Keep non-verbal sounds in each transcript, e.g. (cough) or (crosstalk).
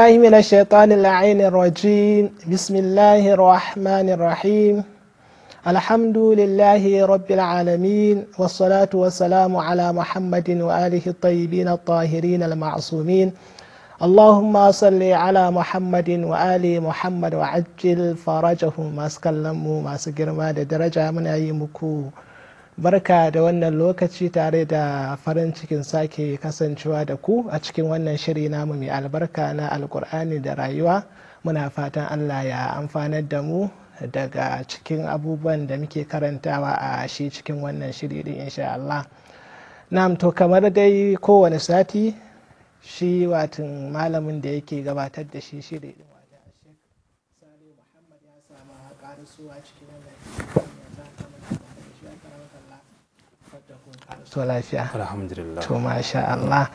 الله من الشيطان العين الرجيم بسم الله الرحمن الرحيم الحمد لله رب العالمين والصلاة والسلام على محمد وآله الطيبين الطاهرين المعصومين اللهم صل على محمد وآل محمد وعجل فرجهم ما سكلموا ما سجرما درجة من أي مكو barka da wannan lokaci tare da farin cikin sake kasancewa da ku a cikin wannan shiri namu mai albarka na alkur'ani da rayuwa muna fatan allah ya amfanar da mu daga cikin abubuwan da muke karantawa a shi cikin wannan shiri din insha allah na'am to kamar dai kowane sati shi watan malamin da yake gabatar da shi shiri din wanda muhammad ya samu cikin wannan to lafiya to masha Allah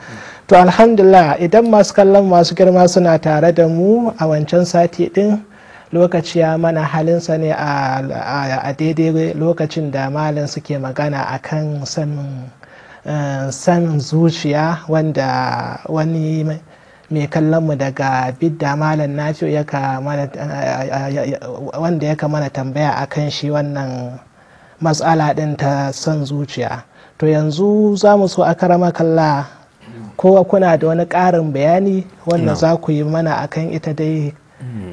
to alhamdulillah idan masu kallon masu girma suna tare da mu a wancan sati din lokaci ya mana halinsa ne a daidai lokacin da malin suke magana akan sanin eh, san zuciya wanda wani mai kallonmu daga bidda malam nafi'u wanda ya mana tambaya akan shi wannan matsala ɗin ta son zuciya to yanzu za mu so a karama kalla ko kuna da wani ƙarin bayani wanda za ku yi mana akan ita dai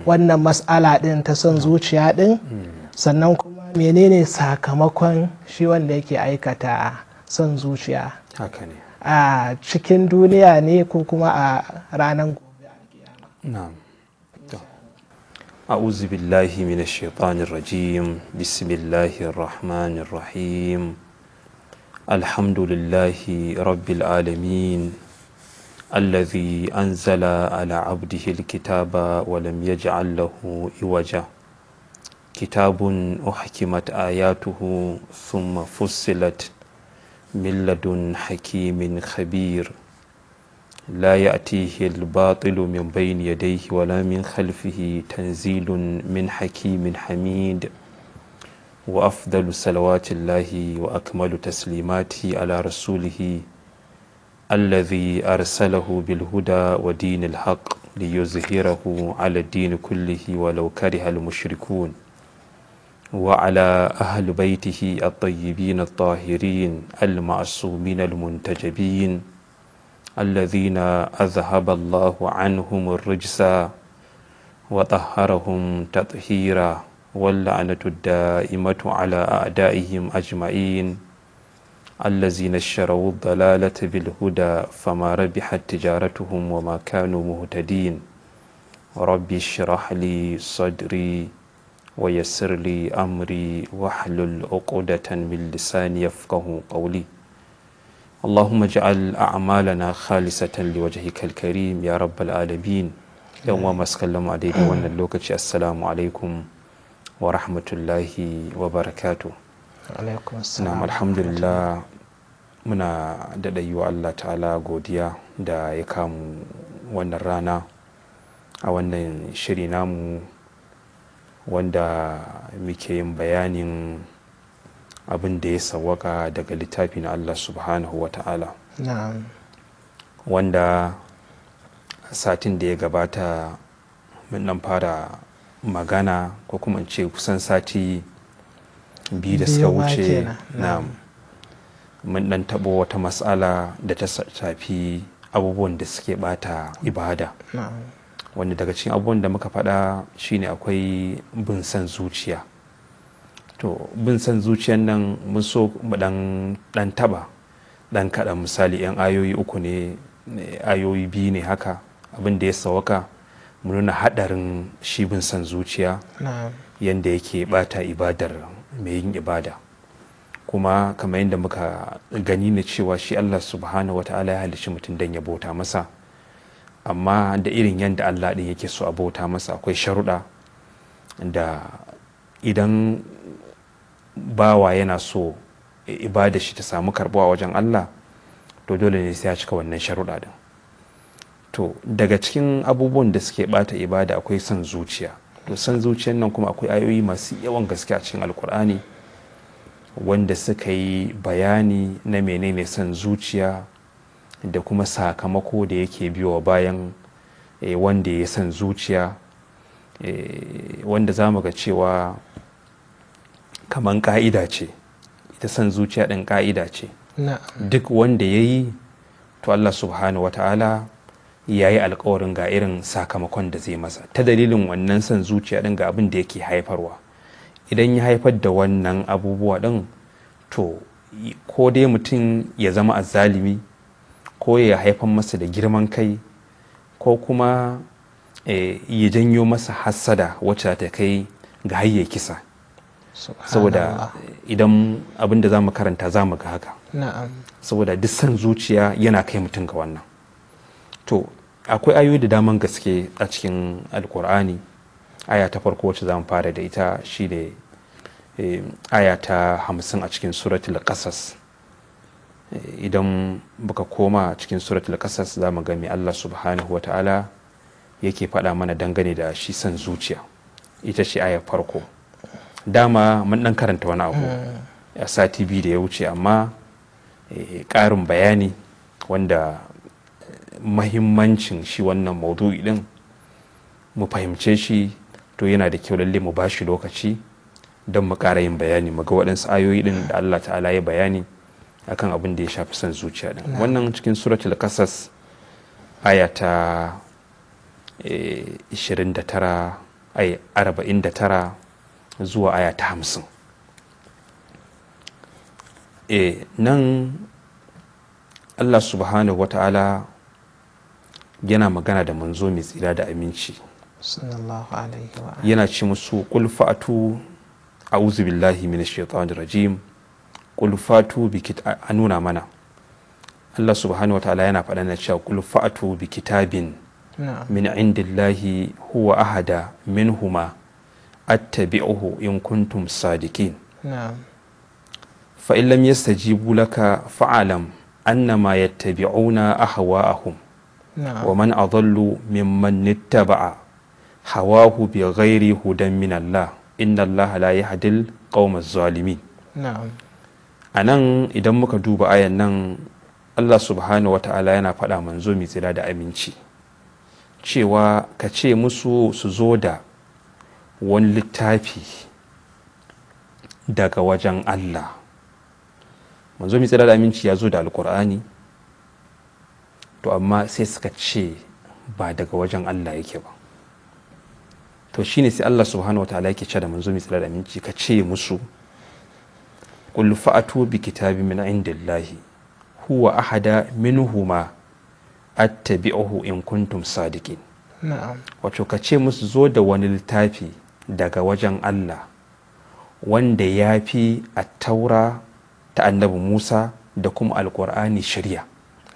wannan mas'ala ɗin ta son zuciya ɗin mm. sannan kuma menene sakamakon shi wanda yake aikata son zuciya a cikin duniya ne ko kuma a ranar gobe a بالله الحمد لله رب العالمين الذي أنزل على عبده الكتاب ولم يجعل له إوجا كتاب أحكمت آياته ثم فصلت من لدن حكيم خبير لا يأتيه الباطل من بين يديه ولا من خلفه تنزيل من حكيم حميد وأفضل صلوات الله وأكمل تسليماته على رسوله الذي أرسله بالهدى ودين الحق ليظهره على الدين كله ولو كره المشركون وعلى أهل بيته الطيبين الطاهرين المعصومين المنتجبين الذين أذهب الله عنهم الرجس وطهرهم تطهيرا واللعنة الدائمة على أعدائهم أجمعين الذين اشتروا الضلالة بالهدى فما ربحت تجارتهم وما كانوا مهتدين ربي اشرح لي صدري ويسر لي أمري واحلل عقدة من لساني يفقه قولي اللهم اجعل أعمالنا خالصة لوجهك الكريم يا رب العالمين يوم ما سكلم عليك وأن اللوكتش السلام عليكم wa rahmatullahi wa barakatu na alhamdulillah muna daɗa yi wa allah ta'ala godiya da ya kamu wannan rana a wannan shiri namu wanda muke yin bayanin abin da ya sawaka daga littafi na allah subhanahu wa ta'ala wanda satin da ya gabata mun fara magana ko kuma ce kusan sati biyu da suka wuce na mun dan tabo wata matsala da ta shafi abubuwan da suke bata ibada wanda daga cikin abubuwan da muka faɗa shine akwai bin san zuciya to bin san zuciyan nan mun so dan taba dan kaɗan misali 'yan ayoyi uku ne ayoyi biyu ne haka abin da ya sawaka mu nuna haɗarin shi bin san zuciya yadda yake bata ibadar mai yin ibada kuma kamar yadda muka gani na cewa shi Allah subhana wa ta'ala ya halicci mutum don ya bauta masa amma da irin yadda Allah ɗin yake so a bauta masa akwai sharuɗa da idan bawa yana so ibada shi ta samu karɓuwa wajen Allah to dole ne sai ya cika wannan sharuɗa din to daga cikin abubuwan da suke bata ibada akwai son zuciya to son zuciyan nan kuma akwai ayoyi masu yawan gaske a cikin alkur'ani wanda suka yi bayani na menene son zuciya da kuma sakamako da yake biyowa bayan eh, wanda ya san zuciya eh, wanda za mu ga cewa kaman ka'ida ce ita san zuciya ɗin ka'ida ce duk wanda ya yi to allah subhanahu wa ta'ala ya yi alkawarin ga irin sakamakon da zai masa ta dalilin wannan son zuciya ɗin ga abin da yake haifarwa idan ya haifar da wannan abubuwa ɗin to ko dai mutum ya zama zalimi ko ya haifar masa da girman kai ko kuma eh, ya janyo masa hassada wacce ta kai ga hayye kisa saboda eh, idan abin da za mu karanta za mu ga haka saboda duk son zuciya yana kai mutum ga wannan to akwai ayoyi da daman gaske a cikin alkur'ani aya ta farko wacce mu fara da ita shine eh, aya ta hamsin a cikin suratul qasas eh, idan buka koma cikin suratul qasas za mu gami Allah subhanahu wa ta'ala yake faɗa mana dangane da shi san zuciya ita ce ayar farko dama mun ɗan karanta wani abu a sati biyu da ya wuce amma eh, ƙarin bayani wanda mahimmancin shi wannan maudu'i din mu fahimce shi to yana da kyau lalle mu ba shi lokaci don mu ƙara yin bayani mu ga waɗansu ayoyi din da Allah ta'ala ya bayani akan abin da ya shafi son zuciya din wannan cikin suratul kasas aya ta 29 eh, ay 49 zuwa aya ta 50 e eh, nan Allah subhanahu wa ta'ala. yana magana da manzo mai tsira da aminci yana ce musu kulfatu a'udhu billahi minash rajim kulfatu bi a nuna mana Allah subhanahu wa ta'ala yana faɗa na cewa kulfatu bi kitabin min indillahi huwa ahada minhuma attabi'uhu in kuntum sadiqin fa in lam yastajibu laka fa'alam annama yattabi'una ahwa'ahum wa man adallu mimman hawa hawahu bi ghairi hudan min Allah inda Allah la yahdil qaumaz a nan idan muka duba ayan nan Allah subhanahu wa ta'ala yana faɗa manzo mai tsira da aminci cewa ka ce musu su zo da wani littafi daga wajen Allah manzo mai tsira da aminci ya zo da alkur'ani to amma sai suka ce ba daga wajen Allah yake ba to shine sai Allah subhanahu wa ta'ala yake ce da manzo mai tsira da aminci ka ce musu qul fa'atu bi kitabi min indillahi huwa ahada minhuma attabi'uhu in kuntum sadiqin na'am wato ka ce musu zo da wani littafi daga wajen Allah wanda ya fi a taura ta annabi musa da kuma alƙur'ani shirya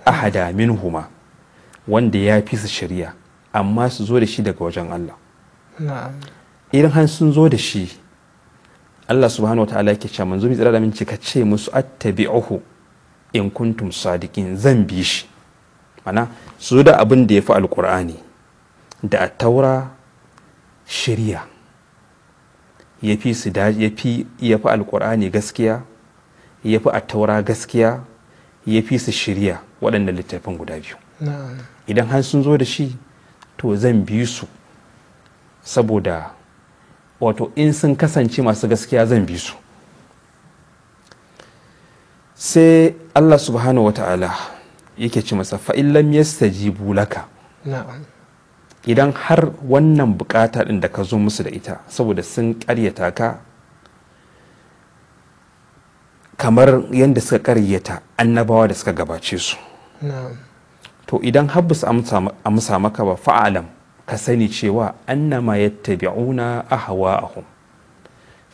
ahada minhuma wanda ya fi su shari'a amma su zo da shi daga wajen Allah irin han sun zo da shi Allah subhanahu wataala yake cewa manzo tsira da min ka ce musu attabi'uhu in kuntum sadiqin zan bi shi mana su da abin da ya fi alkur'ani da taura shari'a ya fi ya fi alkur'ani gaskiya ya fi attaura gaskiya ya fi su shirya waɗannan littafin guda biyu idan har sun zo da shi to zan bi su saboda wato in sun kasance masu gaskiya zan bi su sai allah subhanahu wa ta'ala yake ci masa fa'illam ji bulaka idan har wannan bukata ɗin da ka zo musu da ita saboda sun ƙaryata ka kamar yadda suka karyata annabawa da suka gabace su to idan habbus amsa maka ba fa'alam ka sani cewa annama yattabi'una ahwa'ahum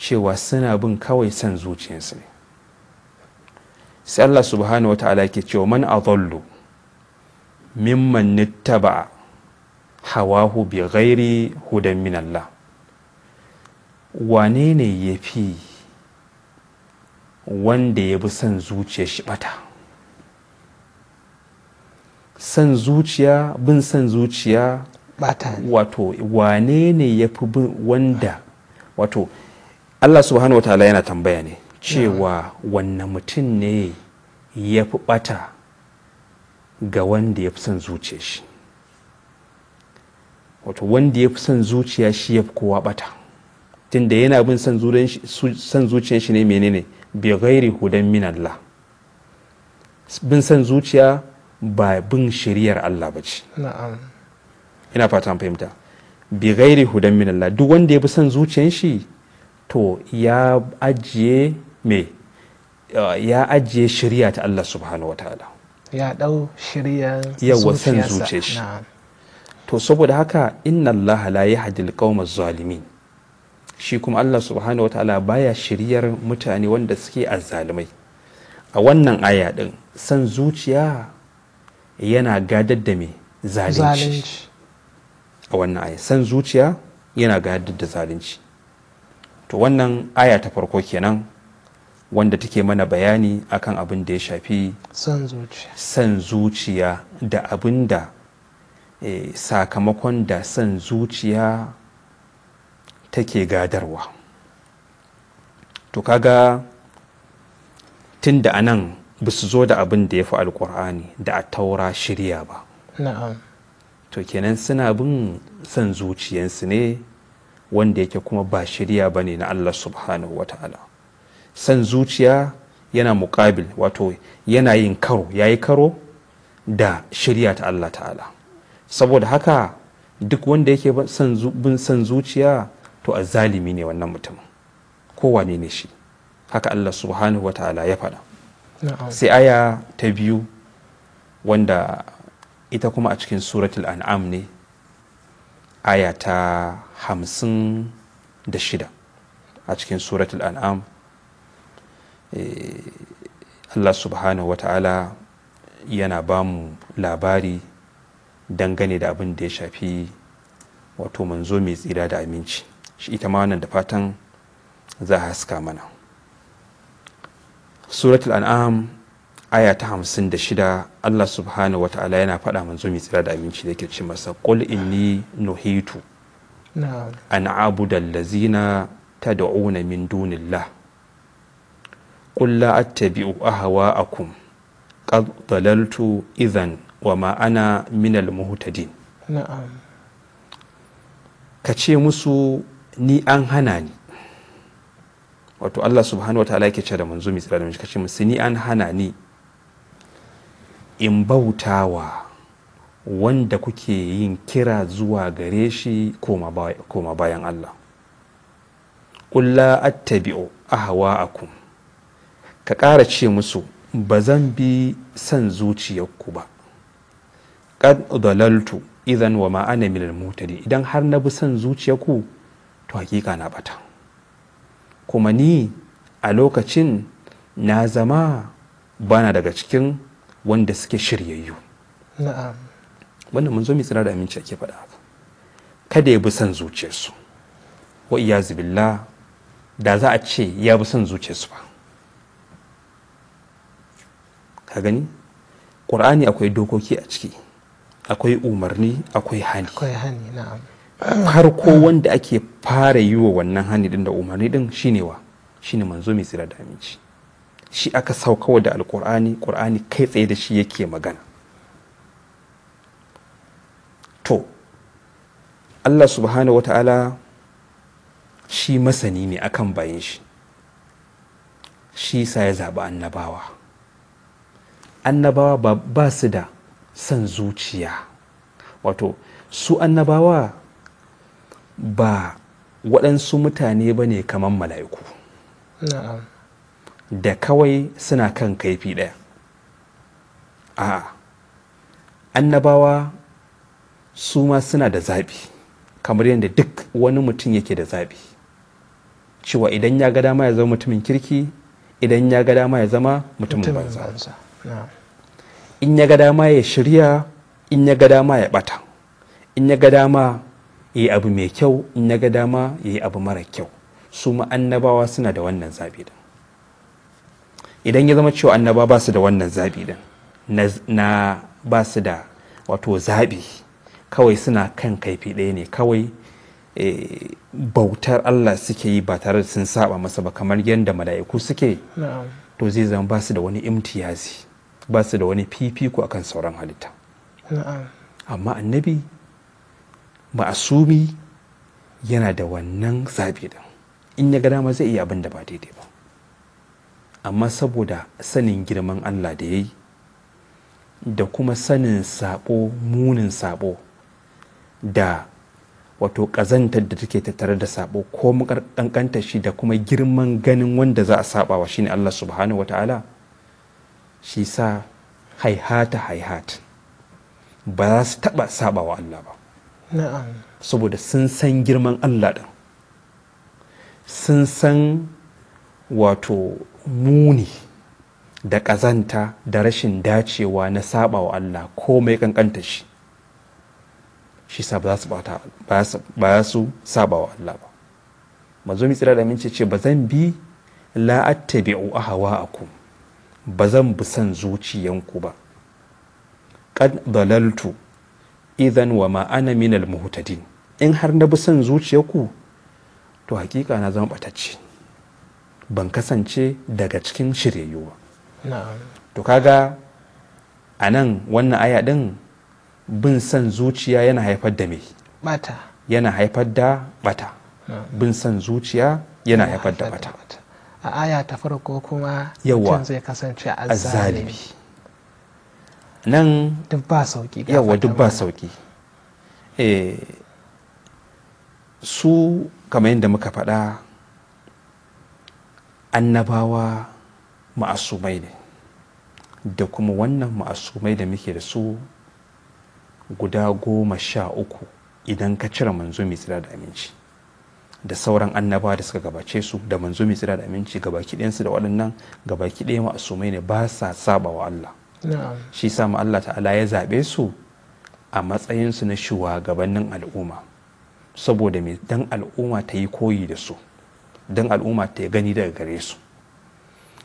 cewa suna bin kawai son zuciyarsu ne sai Allah subhanahu wa ta'ala ke cewa man adallu mimman nittaba hawahu bi ghairi hudan minallah wane ne yafi wanda ya bi son zuciya shi bata son zuciya bin son zuciya bata wato wane ne ya fi bin wanda wato allah subhanahu Taala yana tambaya ne cewa wanne mutum ne ya fi bata ga wanda ya fi son zuciya shi wato wanda ya fi son zuciya shi ya fi kowa bata tunda yana bin son zuciyar shi ne menene bi gairi hudan min Allah bin san zuciya ba bin shiriyar Allah ba ce ina fata an fahimta bi gairi hudan min Allah duk wanda ya bi san zuciyan shi to ya ajiye me ya ajiye shiriya ta Allah subhanahu wataala ya dau shiriya yawa san zuciyar shi to saboda haka inna Allah la yahdil al zalimin shi kuma Allah subhanahu ta'ala baya shiryar mutane wanda suke azzalumai a wannan aya din san zuciya yana gadar da me zalunci a wannan aya san zuciya yana gadar da zalunci to wannan aya ta farko kenan wanda take mana bayani akan abin da ya shafi san zuciya da abin da eh, sakamakon da san zuciya take gadarwa to kaga tun da anan ba su zo da abin da ya fi alkur'ani da a taura shirya ba to kenan suna bin son zuciyansu ne wanda yake kuma ba shirya ba ne na allah subhanahu wa ta'ala son zuciya yana muƙabil wato yana yin karo ya yi karo da shirya ta allah ta'ala saboda haka duk wanda yake bin son zuciya to zalimi ne wannan mutum wane ne shi haka Allah subhanahu wa ta'ala ya faɗa sai aya ta biyu wanda ita kuma a cikin suratul an'am ne aya ta hamsin da shida a cikin suratul an'am eh, Allah subhanahu wa ta'ala yana ba mu labari dangane da abin da ya shafi wato manzo mai tsira da aminci shi ita ma wannan da fatan za a haska mana suratul an'am aya ta hamsin da shida allah subhanahu wa ta'ala yana faɗa manzo mai tsira da aminci da ke ci masa qul inni nuhitu an abuda allazina tad'una min dunillah qul la attabi'u ahwa'akum qad dalaltu idhan wa ma ana min al-muhtadin na'am ka ce musu ni an hana ni wato Allah subhanahu wataala yake cewa da manzo mai tsira da mishi kace musu ni an hana ni in bautawa wanda kuke yin kira zuwa gare shi koma bayan Allah ƙulla attabi'u ahwa'akum ka ƙara ce musu ba zan bi son zuciyarku ba qad dalaltu idan wa ma ana minal idan har na bi son zuciyarku to hakika na bata kuma ni a lokacin na zama bana daga cikin wanda suke shiryayyu wannan mun zo mai tsira da aminci ake faɗa abu kada ya bi son zuciyarsu wa ya zibilla da za a ce ya bi son zuciyarsu ba ka gani ƙur'ani akwai dokoki a ciki akwai umarni akwai hani farko wanda ake fara yi wa wannan hani din da umarni din shine wa shine manzo mai tsira da aminci shi aka saukawa da alkur'ani ƙur'ani kai tsaye da shi yake magana to Allah subhanahu wata'ala shi masani ne akan bayan shi shi sa ya zaɓi annabawa annabawa ba su da son zuciya wato su annabawa ba waɗansu mutane ba ne kamar mala'iku da kawai suna kan kaifi ɗaya a annabawa su ma suna da zaɓi kamar yadda duk wani mutum yake da zaɓi cewa idan ya ga dama ya zama mutumin kirki idan ya ga dama ya zama mutumin banza in ya ga dama ya shirya in ya ga dama ya ɓata in ya ga dama yi abu mai kyau in na ga dama ya yi abu mara kyau su ma annabawa suna da wannan zabi din idan ya zama cewa annaba ba su da wannan zabi din na ba su da wato zabi kawai suna kan kaifi ɗaya ne kawai eh, bautar Allah suke yi ba tare da sun saba masa ba kamar yadda mala'iku suke to zai zama ba su da wani imtiyazi ba su da wani fifiko akan sauran halitta amma annabi ma'asumi yana da wannan zaɓi da in ya ga dama zai iya abin da ba daidai ba amma saboda sanin girman Allah da ya yi da kuma sanin sabo munin sabo da wato ƙazantar da take tattare da sabo ko ƙanƙanta shi da kuma girman ganin wanda za a saba wa shine Allah subhanahu wata'ala shi sa haihata haihat ba za su taɓa saba wa Allah ba saboda sun san girman Allah ɗin sun san wato muni da ƙazanta da rashin dacewa na saba wa Allah komai ƙanƙanta shi shi sa ba ya su saba wa Allah ba mazo tsira da mince ce ba zan bi la'attabi'u ahawa ku ba zan bi san zuciyanku ba qad dalaltu idan wa ma'ana minal muhutadin in har na bi son zuciya ku to hakika na zama batacce ban kasance daga cikin shiryayyu ba to kaga a nan wannan aya din bin son zuciya yana haifar da me bata yana haifar da bata bin son zuciya yana haifar da bata a aya ta farko kuma yawa zai kasance azzalimi nan duk ba sauki yawa duk ba sauki eh, su kamar yadda muka faɗa annabawa ma'asumai ne da kuma wannan ma'asumai da muke da su guda goma sha uku idan ka cire manzo mai tsira da aminci da sauran annaba da suka gabace su da manzo mai tsira da aminci gabaki ɗayansu da waɗannan gabaki ɗaya ma'asumai ne ba sa saba wa Allah shi samu Allah ta'ala ya zaɓe su a matsayinsu na shugabannin al'umma saboda mai dan al'umma ta yi koyi da su dan al'umma ta yi gani daga gare su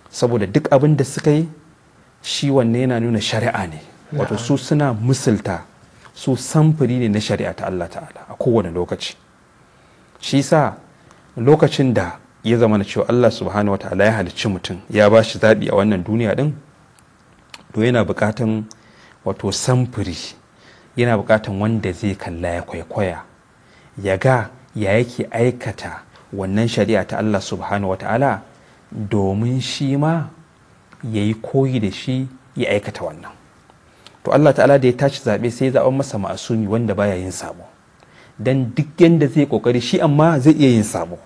saboda duk abin da suka yi shi wanne yana nuna shari'a ne wato su suna musulta su samfuri ne na shari'a ta Allah ta'ala a kowane lokaci shi sa lokacin da ya zama na cewa Allah subhanahu wa ta'ala ya halicci mutum ya ba shi zaɓi a wannan duniya din to yana bukatan wato samfuri yana bukatan wanda zai kalla ya kwaikwaya ya ga ya yake aikata wannan shari'a ta Allah subhanahu wa ta'ala domin shi ma ya yi koyi da shi ya aikata wannan to Allah ta'ala da ya tashi zaɓe sai ya zaɓa masa ma'asumi wanda baya yin sabo dan duk yadda zai kokari shi amma zai iya yin sabo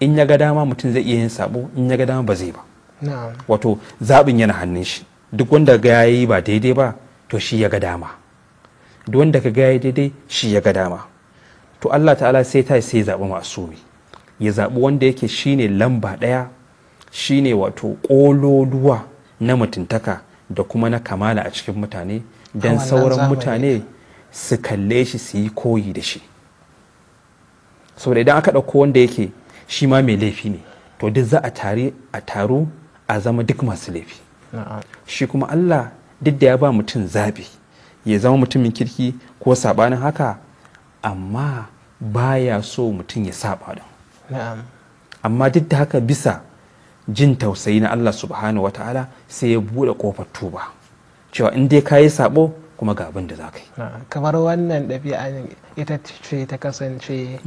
in ya ga dama mutum zai iya yin sabo in ya ga dama ba zai ba wato zaɓin yana hannun shi duk wanda ga yayi ba daidai ba to shi ya ga dama duk wanda ka ga yayi daidai shi ya ga dama to Allah ta'ala sai ta sai zaɓi masumi ya zaɓi wanda yake shine lamba ɗaya shine wato ƙololuwa na mutuntaka da kuma na kamala a cikin mutane don sauran mutane su kalle shi su yi koyi da shi saboda idan aka ɗauko wanda yake shi ma mai laifi ne to duk za a taru a zama duk masu laifi shi kuma Allah duk da ya ba mutum zabi ya zama mutumin kirki ko saɓanin haka amma baya so mutum ya saɓa don amma duk da haka bisa jin tausayi na Allah subhanahu wa ta'ala sai ya buɗe ƙofar tuba cewa in dai kayi yi saɓo kuma ga abin da za ka yi kamar wannan ɗabi'a ita ce ta kasance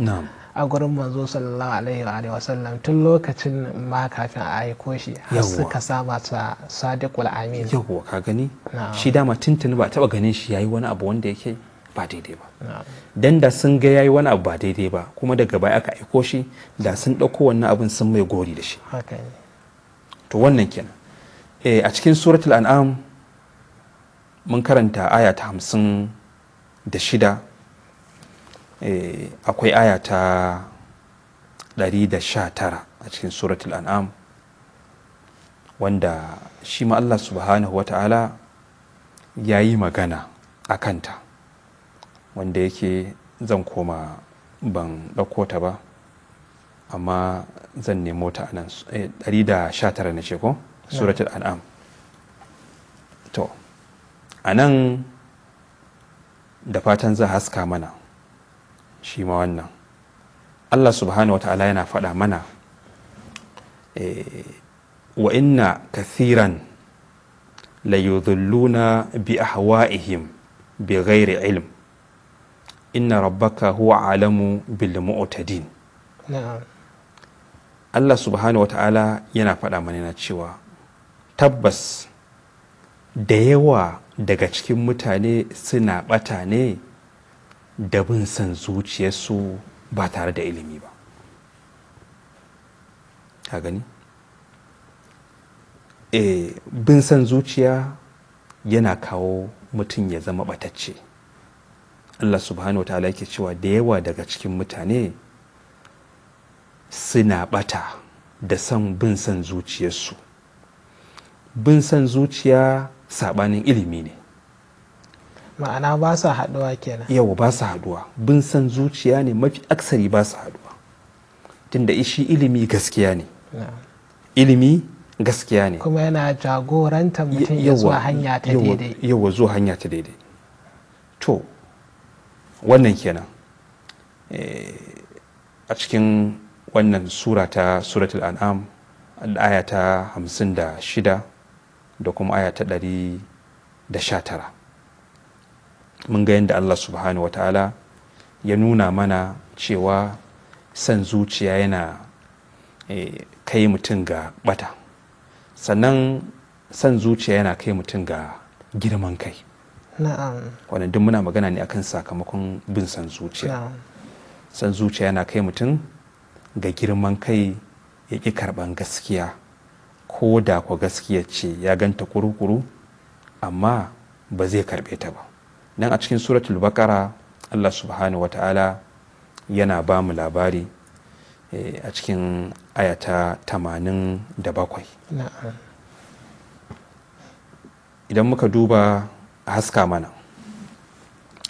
a gurin manzo sallallahu alaihi wa sallam tun lokacin ma kafin a aiko shi har suka saba ta sadiq wal amin yawwa ka gani shi dama tuntuni ba taba ganin shi yayi wani abu wanda yake ba daidai ba dan da sun ga yayi wani abu ba daidai ba kuma daga baya aka aiko shi da sun dauko wannan abin sun mai gori da shi to wannan kenan eh a cikin suratul an'am mun karanta aya ta hamsin da shida Eh, akwai aya ta 119 a cikin suratul an'am wanda shi ma Allah subhanahu wa ta'ala ya yi magana a kanta wanda yake zan koma ban ɗauko ta ba amma zan nemo ta anan 119 eh, na ce ko suratul an'am to anan da fatan za haska mana shi ma wannan allah subhanahu ta'ala yana faɗa mana eh, wa inna kathiran la yudhilluna bi ahwa'ihim bi ghairi ilm inna rabbaka huwa alamu bil mu'tadin Allah subhanahu wa ta'ala yana faɗa mana cewa tabbas da yawa daga cikin mutane suna ɓata ne da bin son zuciyarsu ba tare da ilimi ba ka gani e, bin son zuciya yana kawo mutum ya zama batacce allah subhanahu wa ta'ala yake cewa da yawa daga cikin mutane suna bata da son bin son zuciyarsu bin son zuciya sabanin ilimi ne ma'ana ba sa haduwa kenan yawa ba sa haduwa bin san zuciya ne mafi aksari ba sa haduwa tunda ishi ilimi gaskiya ne ilimi gaskiya ne kuma yana jagorantar mutum ya zuwa hanya ta daidai yawa zuwa hanya ta daidai to wannan kenan eh, a cikin wannan sura ta suratul an'am aya ta 56 da kuma aya ta 119 mun ga yadda Allah subhanahu wataala ya nuna mana cewa san zuciya yana eh, kai mutum ga bata sannan san zuciya yana kai mutum ga girman kai wannan duk muna magana ne akan sakamakon bin san zuciya san zuciya yana kai mutum ga girman kai ya ƙi karɓan gaskiya ko da ku gaskiya ce ya ganta kuru-kuru amma ba zai karɓe ta ba Nan a cikin suratul bakara Allah subhanahu wa ta'ala yana ba mu labari eh, a cikin ayata tamanin da bakwai idan muka duba haska mana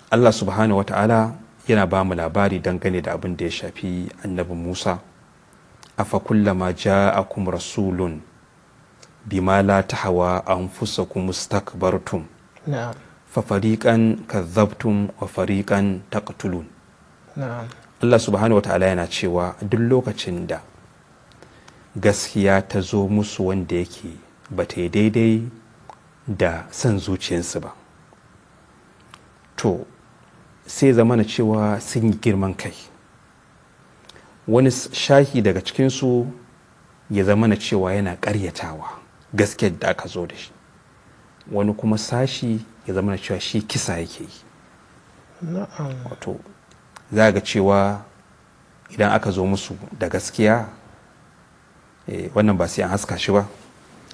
Allah subhanahu wa ta'ala yana ba mu labari dangane da abin da ya shafi annabi Musa A ja a ja'akum rasulun bima la tahawa kuma mustakbartum na'am Fafariƙan fariƙan kazzabtum wa fariƙan taqtulun Allah subhanahu wata'ala yana cewa duk lokacin da gaskiya ta zo musu wanda yake ba ta yi daidai da son zuciyarsu ba to sai zama na cewa sun yi girman kai wani shahi daga cikinsu ya zama na cewa yana ƙaryatawa gaskiyar da aka zo da shi wani kuma sashi ya zama na cewa shi kisa yake yi wato za ga cewa idan aka zo musu da gaskiya eh, wannan ba sai an haska shi ba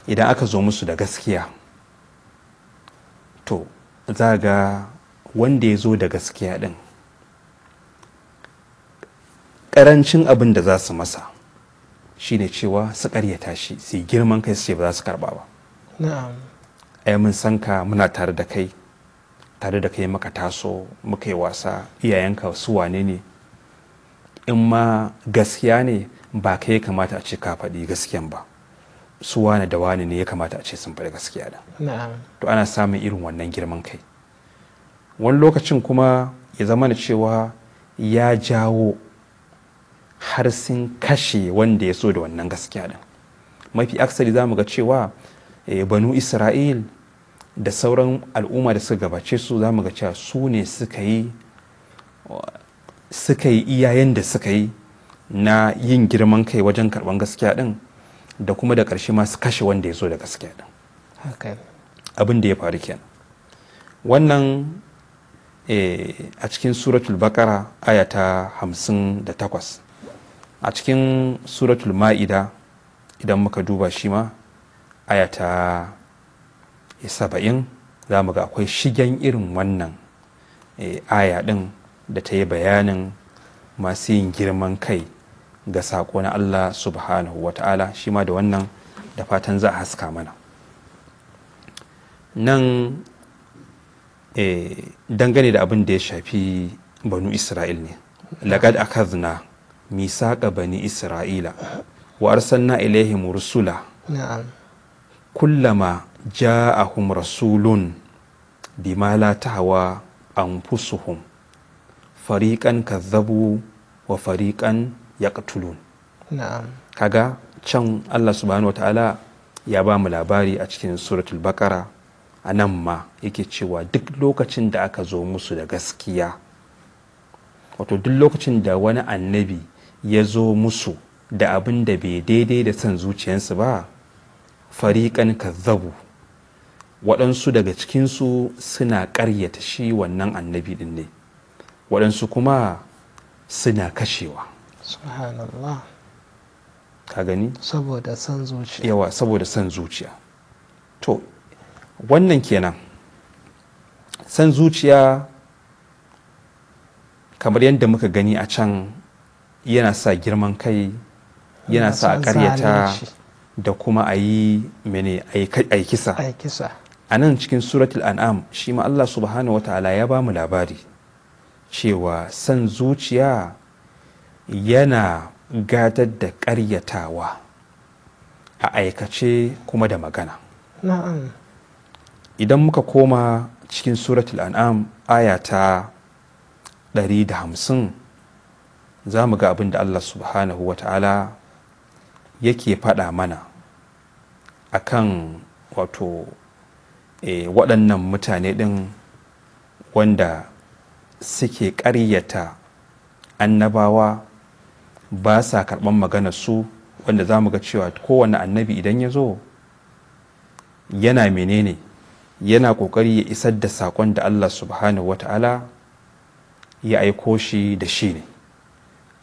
idan aka zo musu da gaskiya to za ga wanda ya zo da gaskiya din karancin abin da za su masa shine cewa su karyata shi su yi girman kai su ce ba za su karba ba ai mun san ka muna tare da kai tare da kai maka taso muka yi wasa iyayenka su wane ne in ma gaskiya ne ba kai ya kamata a ce ka faɗi gaskiyan ba su wane da wane ne ya kamata a ce sun faɗi gaskiya da to ana samun irin wannan girman kai wani lokacin kuma ya zama da cewa ya jawo har sun kashe wanda ya so da wannan gaskiya mafi aksari za mu ga cewa Eh, banu isra'il da sauran al'umma da suka gabace su za mu ga cewa su ne suka yi iyayen da suka yi na yin girman kai wajen karban gaskiya din da kuma da karshe masu kashe wanda ya zo da gaskiya din abin da ya faru kenan wannan eh, a cikin suratul bakara ayata hamsin da takwas a cikin suratul ma'ida idan muka duba shi ma ayata saba'in za mu ga akwai shigen irin wannan eh, aya ɗin da ta yi bayanin masu yin girman kai ga saƙo na Allah subhanahu wa ta'ala shi ma da wannan da fatan za a haska mana nan eh, dangane da abin da ya shafi banu isra'il ne laƙad akazna misaƙa bani isra'ila wa arsalna ilaihim rusula kullama hum rasulun bima la tahwa Fariƙan fariqan kazzabu wa fariƙan yaqtulun na'am kaga can Allah subhanahu ta'ala ya ba mu labari a cikin suratul baqara a nan ma yake cewa duk lokacin da aka zo musu da gaskiya wato duk lokacin da wani annabi ya zo musu da abin da bai daidai da son zuciyarsu ba fariƙan kazzabu waɗansu daga cikinsu suna ƙaryata shi wannan annabi ɗin ne waɗansu kuma suna kashewa ka gani saboda son zuciya yawa saboda son zuciya to wannan kenan san zuciya kamar yadda muka gani a can yana sa girman kai yana sa a karyata da kuma a yi mene aikisa a nan cikin suratul an'am shi ma Allah subhanahu wa ta'ala ya ba mu labari cewa san zuciya yana gadar da ƙaryatawa a aikace kuma da magana idan muka koma cikin suratul an'am aya ta 150 za mu ga abin da Allah subhanahu wa ta'ala yake faɗa mana a kan wato e, waɗannan mutane ɗin wanda suke ƙaryata annabawa ba sa karɓar magana su wanda za mu ga cewa kowane annabi idan ya zo yana menene yana ƙoƙari ya isar da saƙon da allah subhanahu wa ta'ala ya aiko shi da shi ne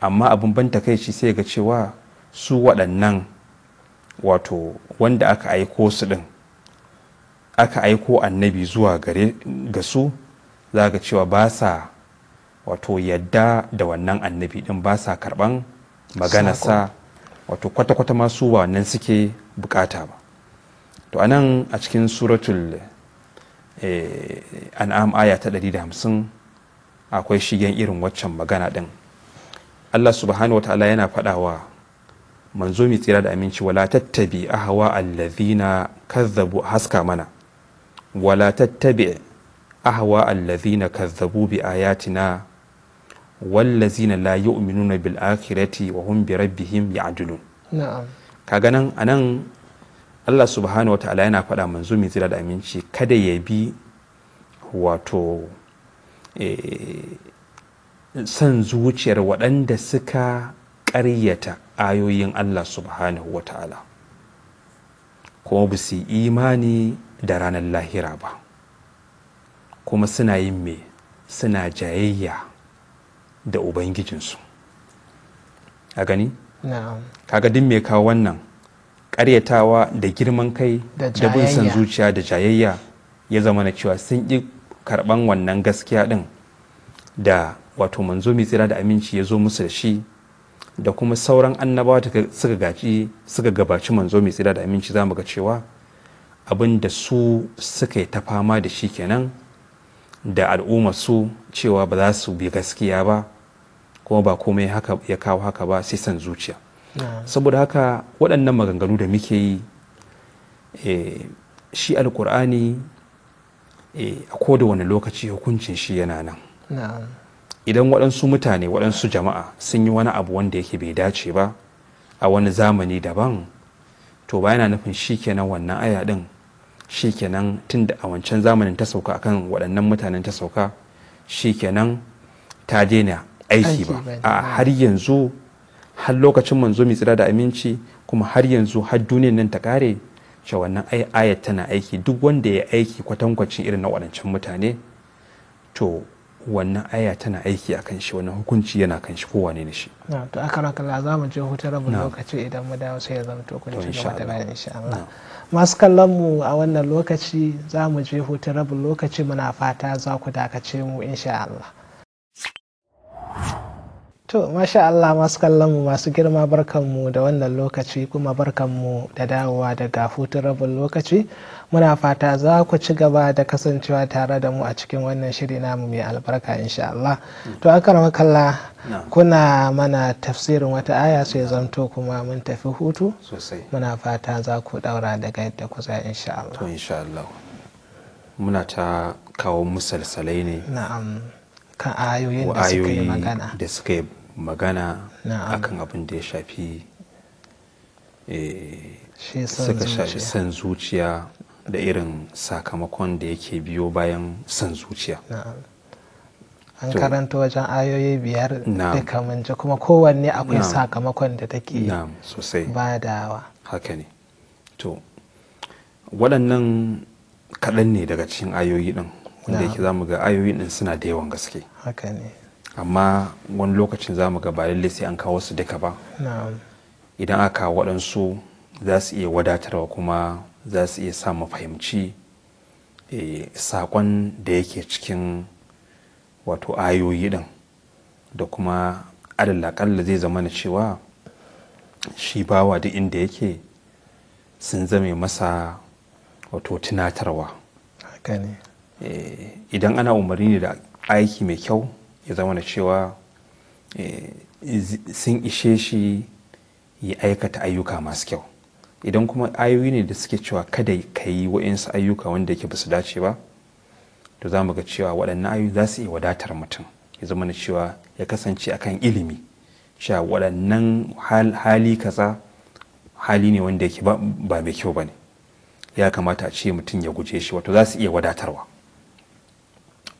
amma abin ban takaici sai ga cewa su waɗannan wato wanda aka aiko su din aka aiko annabi zuwa gare ga su za ga cewa ba sa wato yadda da wannan annabi din ba sa karban magana sa wato kwata-kwata masu ba wannan suke bukata ba to anan a cikin suratul eh, an'am aya ta 150 akwai shigen irin waccan magana din allah subhanahu wa ta'ala yana faɗawa manzo mai tsira da aminci wala tattabi a hawa allazina kazzabu haska mana wala tattabi a hawa allazina kazzabu bi ayatina wallazina la yu'minuna bil akhirati wa hum bi rabbihim ya'dilun na'am kaga nan anan Allah subhanahu wa ta'ala yana faɗa manzo mai tsira da aminci kada ya bi wato e, eh, son zuciyar waɗanda suka ƙaryata ayoyin Allah subhanahu wa ta'ala kuma ba su imani da ranar lahira ba kuma suna yin me suna jayayya da ubangijinsu a gani? kaga duk mai kawo wannan karyatawa da girman kai da bin san zuciya da jayayya ya zama na cewa sun ƙi karɓan wannan gaskiya ɗin da wato manzo mai tsira da aminci ya zo musu da shi da kuma sauran annabawa suka gaci suka gabaci manzo mai tsira da aminci za mu ga cewa abin da su suka yi ta fama da shi kenan da al'umma su cewa ba za su bi gaskiya ba kuma ba komai haka ya kawo haka ba sai san zuciya saboda haka waɗannan maganganu da muke yi eh, shi Alƙur'ani eh, a koda wani lokaci hukuncin shi yana nan idan waɗansu mutane waɗansu jama'a sun yi wani abu wanda yake bai dace ba a wani zamani daban to ba yana nufin shi wannan aya ɗin shi tun da a wancan zamanin ta sauka akan waɗannan mutanen ta sauka shi ta daina aiki ba a har yanzu har lokacin manzo mai tsira da aminci kuma har yanzu har duniyan nan ta kare cewa wannan ayat tana aiki duk wanda ya aiki kwatankwacin irin na waɗancan mutane to wannan aya tana aiki a kan shi wannan hukunci yana kan shi kowane ne shi na to aka raka la za mu je hutun rabin lokaci idan mu dawo sai ya zama to kun ci gaba da bayani insha Allah masu kallon mu a wannan lokaci za mu je hutun rabin lokaci muna fata za ku dakace mu insha Allah To, masha Allah masu mu masu girma mu da wannan lokaci kuma mu da dawowa daga hutun rabin lokaci muna fata za ku ci gaba da kasancewa tare da mu a cikin wannan shiri namu mai albarka insha Allah mm. to akarwa kalla kuna mana tafsirin wata aya sai zanto kuma mun tafi hutu muna fata za ku daura daga yadda ku za insha Allah to insha Allah muna ta kawo musalsalai ne na'am kan ayoyin da suka yi magana da suka yi magana akan abin da ya shafi eh, suka shafi son zuciya da irin sakamakon da yake biyo bayan son zuciya an karanta wajen ayoyi biyar duka mun ji kuma kowanne akwai sakamakon da take badawa haka ne to waɗannan kaɗan ne daga cikin ayoyi ɗin wanda yake za mu ga ayoyi ɗin suna da yawan gaske haka ne amma wani lokacin za mu ga ba lallai sai an kawo su duka ba idan aka waɗansu za su iya wadatarwa kuma za su iya sa mu fahimci eh, saƙon da yake cikin wato ayoyi ɗin da kuma adalaƙalla zai zama na cewa shi bawa duk inda yake sun zame masa wato tunatarwa eh, idan ana umarni da aiki mai kyau ya zama na cewa eh, sun ishe shi ya aikata ayyuka masu kyau idan kuma ayoyi ne da suke cewa kada ka yi wa'insu ayyuka wanda yake ba su dace ba to za mu ga cewa waɗannan ayoyi za su iya wadatar mutum ya zama na cewa ya kasance akan ilimi cewa waɗannan hali kaza hali ne wanda yake ba mai kyau ba ne ya kamata a ce mutum ya guje shi wato za su iya wadatarwa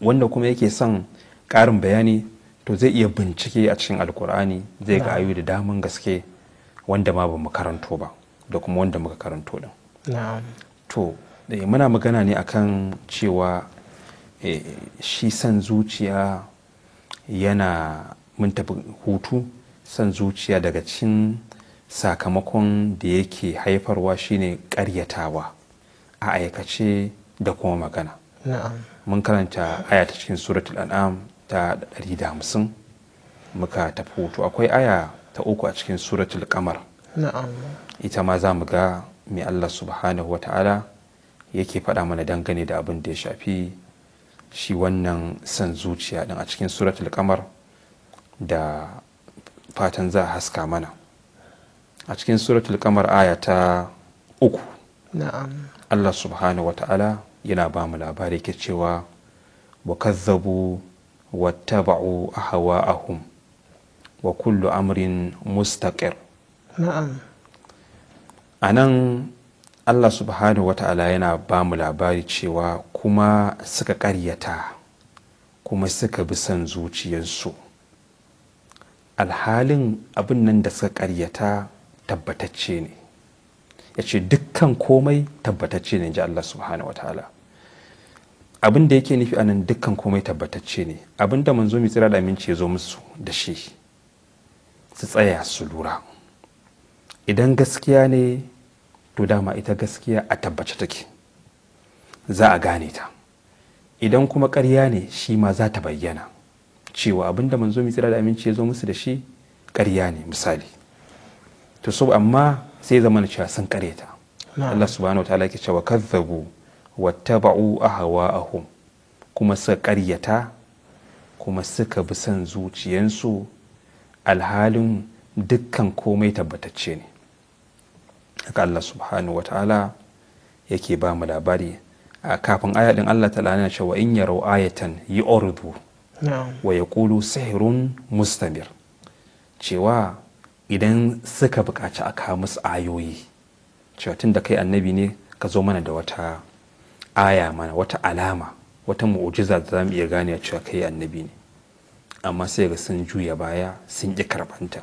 wanda kuma yake son ƙarin bayani to zai iya bincike a cikin alkur'ani zai ga ayoyi da daman gaske wanda ma ba mu karanto ba da kuma wanda muka karanto din to eh, muna magana ne akan cewa eh, shi san zuciya yana mun tafi hutu san zuciya daga cin sakamakon da yake haifarwa shine karyatawa a aikace da kuma magana mun karanta aya ta cikin suratul an'am ta 150 muka tafi hutu akwai aya ta uku a cikin suratul kamar ita ma za mu ga mai Allah subhanahu wa ta'ala yake faɗa mana dangane da abin da ya shafi shi wannan san zuciya ɗin a cikin suratul kamar da fatan za a haska mana a cikin suratul kamar aya ta uku Allah subhanahu wa ta'ala yana ba mu labari ke cewa wa kazzabu wa taba'u ahwa'ahum wa kullu amrin mustaqir a nan allah subhanahu wata'ala yana ba mu labari cewa kuma suka karyata kuma suka bi son zuciyarsu alhalin abin nan da suka karyata tabbatacce ne ya ce dukkan komai tabbatacce ne ji allah subhanahu wata'ala abin da yake nufi anan dukkan komai tabbatacce ne abin da manzo mai tsira da aminci ya zo musu da shi su tsaya su lura idan gaskiya ne to dama ita gaskiya a tabbace take za a gane ta idan kuma ƙarya ne shi ma za ta bayyana cewa abinda manzo mai tsira da aminci ya zo musu da shi karya ne misali to so amma sai zama na cewa sun ta Allah subhanahu wa ta'ala ke cewa kazzabu a ahwa'ahum kuma suka karyata kuma suka bi son zuciyansu alhalin dukkan komai tabbatacce ne haka Allah subhanahu wa ta'ala yake ba mu labari a kafin aya din Allah ta lana cewa in ya rau ayatan ordu wa ya kulu sihirun mustamir cewa idan suka buƙaci a kawo ayoyi cewa tun da kai annabi ne ka zo mana da wata aya mana wata alama wata mu'ujiza da za mu iya gane cewa kai annabi ne amma sai ga sun juya baya sun ƙi karɓanta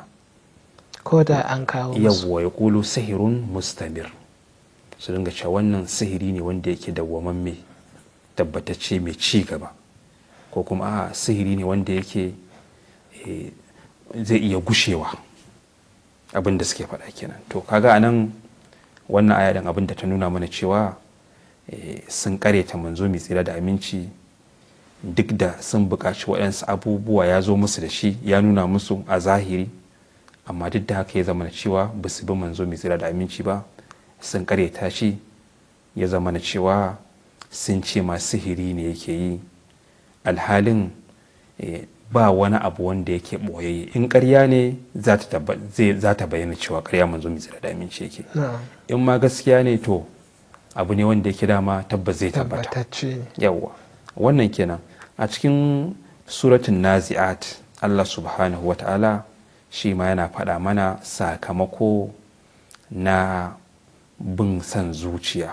ko da an kawo musu yawwa ya kulu sihirun mustamir su dinga cewa wannan sihiri ne wanda yake mai tabbatacce mai ci gaba ko kuma a sihiri ne wanda yake eh, zai iya gushewa abin da suke faɗa kenan to kaga a nan wannan aya din abin da ta nuna mana cewa eh, sun ta manzo mai tsira da aminci duk da sun buƙaci waɗansu abubuwa ya zo musu da shi ya nuna musu a zahiri amma duk da haka ya zama cewa ba su bi manzo mai tsira da aminci ba sun karyata shi ya zama cewa sun ce ma sihiri ne yake yi alhalin eh, ba wani abu wanda yake ɓoye in karya ne za ta bayyana cewa karya manzo mai tsira da aminci yake in ma gaskiya ne to abu ne wanda yake dama tabbas zai tabbata yawwa wannan kenan a cikin suratun nazi'at allah subhanahu wa ta'ala shi ma yana faɗa mana sakamako na bin san zuciya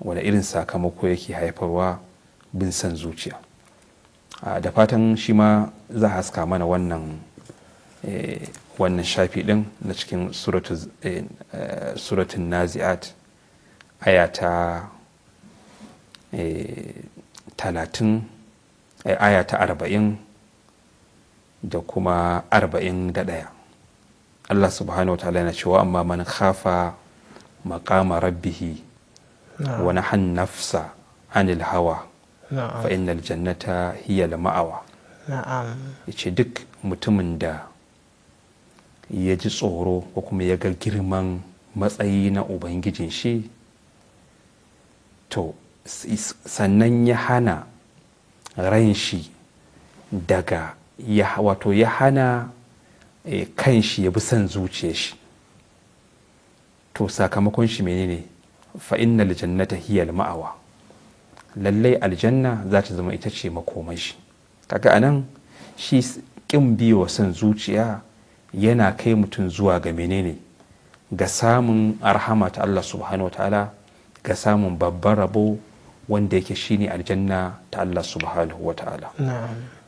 wanda irin sakamako yake haifarwa bin san zuciya da fatan shi ma za haska mana wannan eh, wannan shafi ɗin na cikin eh, eh, suratun nazi'at aya ta talatin aya ta arba'in da kuma arba'in da ɗaya allah subhanahu wa ta'ala yana cewa amma man khafa maqama rabbihi wa nahan nafsa anil hawa fa innal jannata hiya ma'awa yace duk mutumin da ya ji tsoro ko kuma ya ga girman matsayi na ubangijin shi to sannan ya hana ran shi daga ya wato ya hana eh, kan shi ya bi son zuciya shi to sakamakon shi menene fa Aljanna ta hiya ma'awa lallai aljanna za ta zama ita ce makomai shi kaga anan shi kin biyo son zuciya yana kai mutum zuwa ga menene ga samun arhama ta Allah subhanahu wa ga samun babban rabo wanda yake shine aljanna ta Allah subhanahu wa ta'ala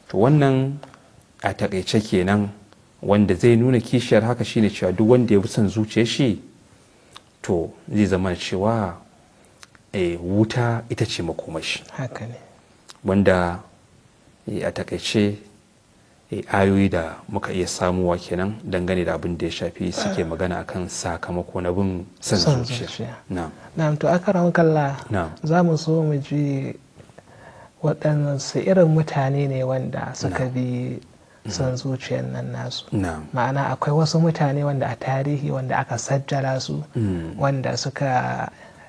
to wannan a takaice kenan wanda zai nuna kishiyar haka shine cewa duk wanda ya fi son zuciya shi to zai zama cewa eh, wuta ita ce makomashi wanda eh, a takaice eh, ayoyi da muka iya samuwa kenan dangane da abin da ya shafi suke magana akan sakamako na bin son zuciya na'am to aka kalla za mu so mu ji waɗansu irin mutane ne wanda suka bi sun zuciyar nan nasu ma'ana akwai wasu mutane wanda a tarihi wanda aka sajjala su mm. wanda suka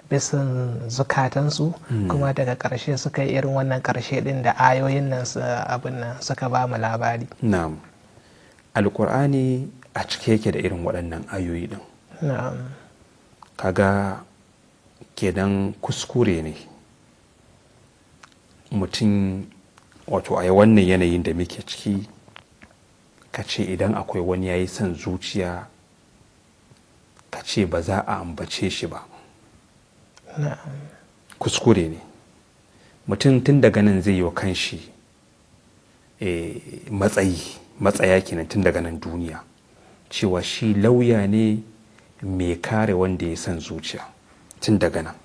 bisan zukatansu mm. kuma daga karshe suka yi irin wannan karshe din da ayoyin nan abin nan suka ba mu labari na'am alƙur'ani a cike yake da irin waɗannan ayoyi din. na'am kaga kenan kuskure ne mutum wato a yi wannan yanayin da muke ciki ka ce idan akwai wani ya yi son zuciya ka ce ba za a ambace shi ba kuskure ne mutum tun daga nan zai yi wa kanshi eh, matsayi matsaya kenan tun daga nan duniya cewa shi lauya ne mai kare wanda ya son zuciya tun daga nan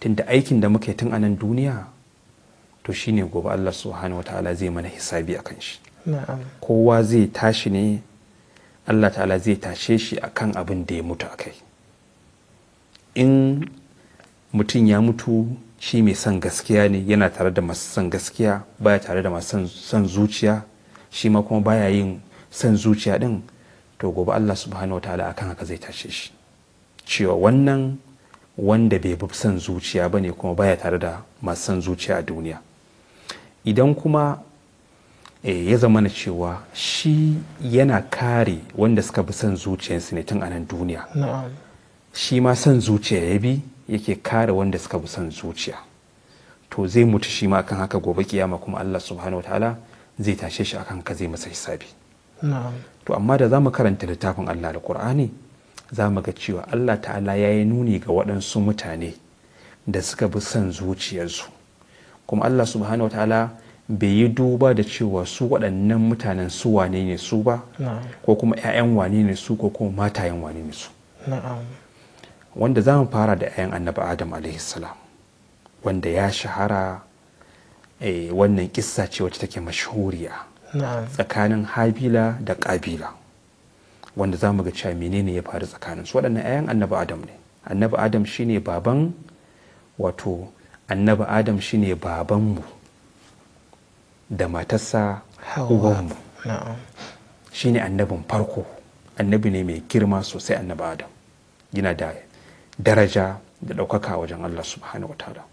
tun da aikin da muke tun anan duniya to shine gobe allah subhanahu wa ta'ala zai mana hisabi a kan shi kowa zai tashi ne allah ta'ala zai tashe shi a kan abin da ya mutu a kai in mutum ya mutu shi mai son gaskiya ne yana tare da masu son gaskiya baya tare da masu son zuciya shi ma kuma baya yin son zuciya din to gobe allah subhanahu a akan haka zai tashe shi cewa wannan wanda bai bi son zuciya ba ne kuma baya tare da masu son zuciya a duniya idan kuma E, ya zama na cewa shi yana kare wanda suka bi son zuciyarsu ne tun a nan duniya shi ma son zuciya ya bi yake kare wanda suka bi son zuciya to zai mutu shi ma akan haka gobe kiyama kuma Allah subhanahu wa ta'ala zai tashe shi akan ka zai masa hisabi to amma da zamu karanta littafin Allah da za zamu ga cewa Allah ta'ala ya yi nuni ga waɗansu mutane da suka bi son zuciyarsu kuma Allah subhanahu wa ta'ala bai yi duba da cewa su waɗannan mutanen su wane ne su ba ko kuma 'ya'yan wane ne su ko kuma matayen wane ne su wanda za mu fara da 'ya'yan annabi adam salam wanda ya shahara eh, wannan kissa ce wacce take mashuriya. tsakanin habila da kabila wanda za mu ga cewa menene ya faru tsakanin su waɗannan 'ya'yan annabi adam ne annabi adam shine baban wato annabi adam shine babanmu mu da matarsa uwanmu shine annabin farko annabi ne mai girma sosai annabi adam yana da daraja da ɗaukaka wajen allah subhanahu wa ta'ala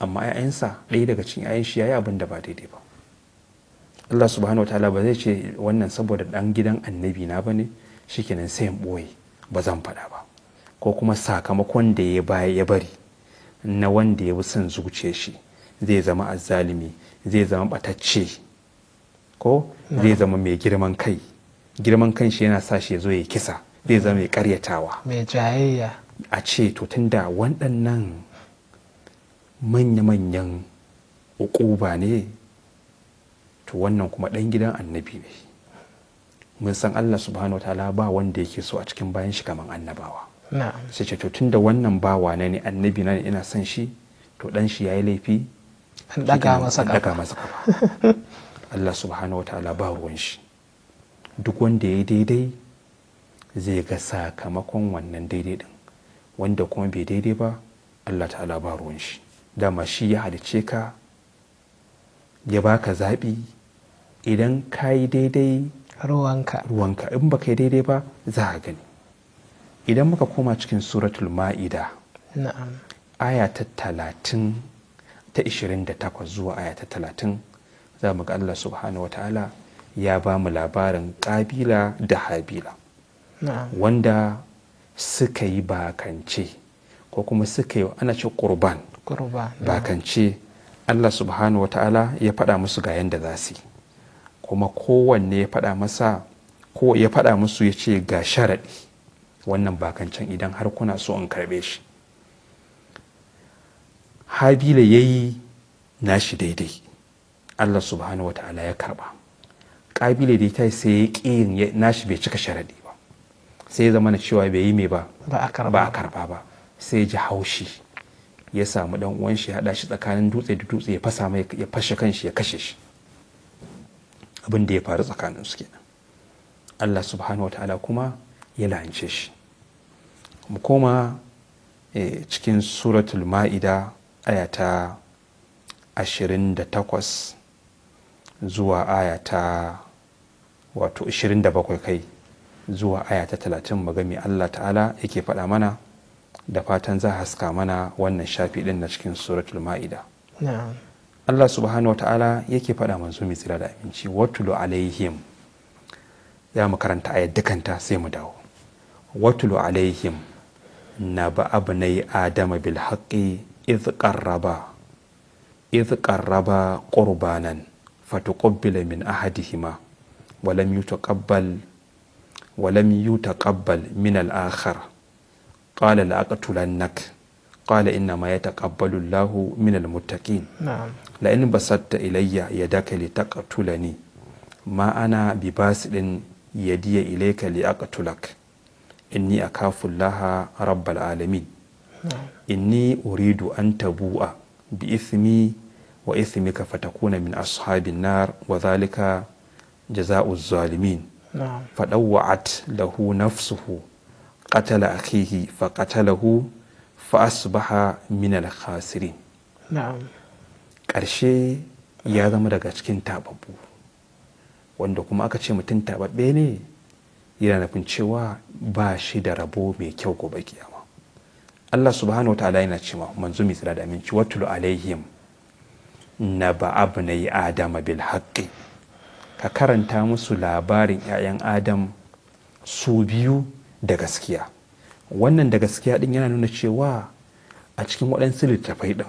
amma 'ya'yansa ɗaya daga cikin 'ya'yan shi ya yi abin da ba daidai ba allah subhanahu wa ta'ala ba zai ce wannan saboda ɗan gidan annabi na ba ne shikenan sai in ɓoye ba zan faɗa ba ko kuma sakamakon da ya baya ya bari na wanda ya bi son zuciya shi zai zama azzalimi zai zama batacce ko zai zama mai girman kai girman kan shi yana sa shi ya zo ya kisa zai zama mai karyatawa mai jayayya a ce to tunda waɗannan manya-manyan ukuba ne to wannan kuma ɗan gidan annabi ne mun san Allah subhanahu wataala ba wanda yake so a cikin bayan shi kamar annabawa sai ce to tunda wannan bawa na ne annabi na ne ina son shi to ɗan shi ya yi laifi daga masa kafa Allah subhanahu wa ta'ala ba ruwan shi duk wanda ya daidai zai ga sakamakon wannan daidai din wanda kuma bai daidai ba Allah ta'ala ba ruwan shi dama shi ya halice ka ya baka zaɓi idan ka yi daidai ruwanka ruwanka in baka yi daidai ba za a gani idan muka koma cikin suratul ma'ida aya ta talatin ta 28 zuwa aya ta 30 za mu ga Allah subhanahu wa ta'ala ya ba mu labarin ƙabila da habila wanda suka yi bakance ko kuma suka yi ana ce kurban bakance Allah subhanahu wa ta'ala ya faɗa musu ga yadda za su yi kuma kowanne ya faɗa masa ko ya faɗa musu ya ce ga sharaɗi wannan bakancen idan har kuna so in karɓe shi habila ya yi nashi daidai allah subhanahu wata'ala ya karba ƙabila da ta sai ya ƙi nashi bai cika sharaɗi ba sai ya zama na cewa bai yi mai ba ba a karba ba sai ya ji haushi ya samu ɗan uwan shi haɗa shi tsakanin dutse da dutse ya fasa mai ya fashe kanshi ya kashe shi abin da ya faru tsakanin su kenan Allah subhanahu wataala kuma ya la'ance shi mu koma eh, cikin suratul ma'ida aya ta 28 zuwa wato ashirin wato 27 kai zuwa ayata ta 30 magami Allah ta'ala yake faɗa mana da fatan za haska mana wannan shafi ɗin na cikin suratul ma'ida Allah subhanahu wa ta'ala yake faɗa manzo mai tsira da aminci watulu alaihim ya mu karanta ayat dukanta sai mu dawo watulu alaihim na ba abu na yi adama bil إذ قربا إذ قربا قربانا فتقبل من أحدهما ولم يتقبل ولم يتقبل من الآخر قال لأقتلنك قال إنما يتقبل الله من المتقين نعم لئن بسطت إلي يدك لتقتلني ما أنا بباسل يدي إليك لأقتلك إني أكاف الله رب العالمين inni uridu an tabu'a bi ithmi wa ithmika fatakuna min ashabin nar wa zalika jaza'u zalimin fadawwa'at lahu nafsuhu qatala akhihi fa qatalahu fa asbaha min al khasirin ƙarshe ya zama daga cikin tababbu wanda kuma aka ce mutum tababbe ne yana nufin cewa ba shi da rabo mai kyau gobe kiyama Allah subhanahu wa ta'ala yana cewa manzo mai tsira da aminci watulu alaihim na ba'ab na yi adama bil haqqi ka karanta musu labarin 'ya'yan adam su biyu da gaskiya wannan da gaskiya din yana nuna cewa a cikin waɗansu littattafai ɗin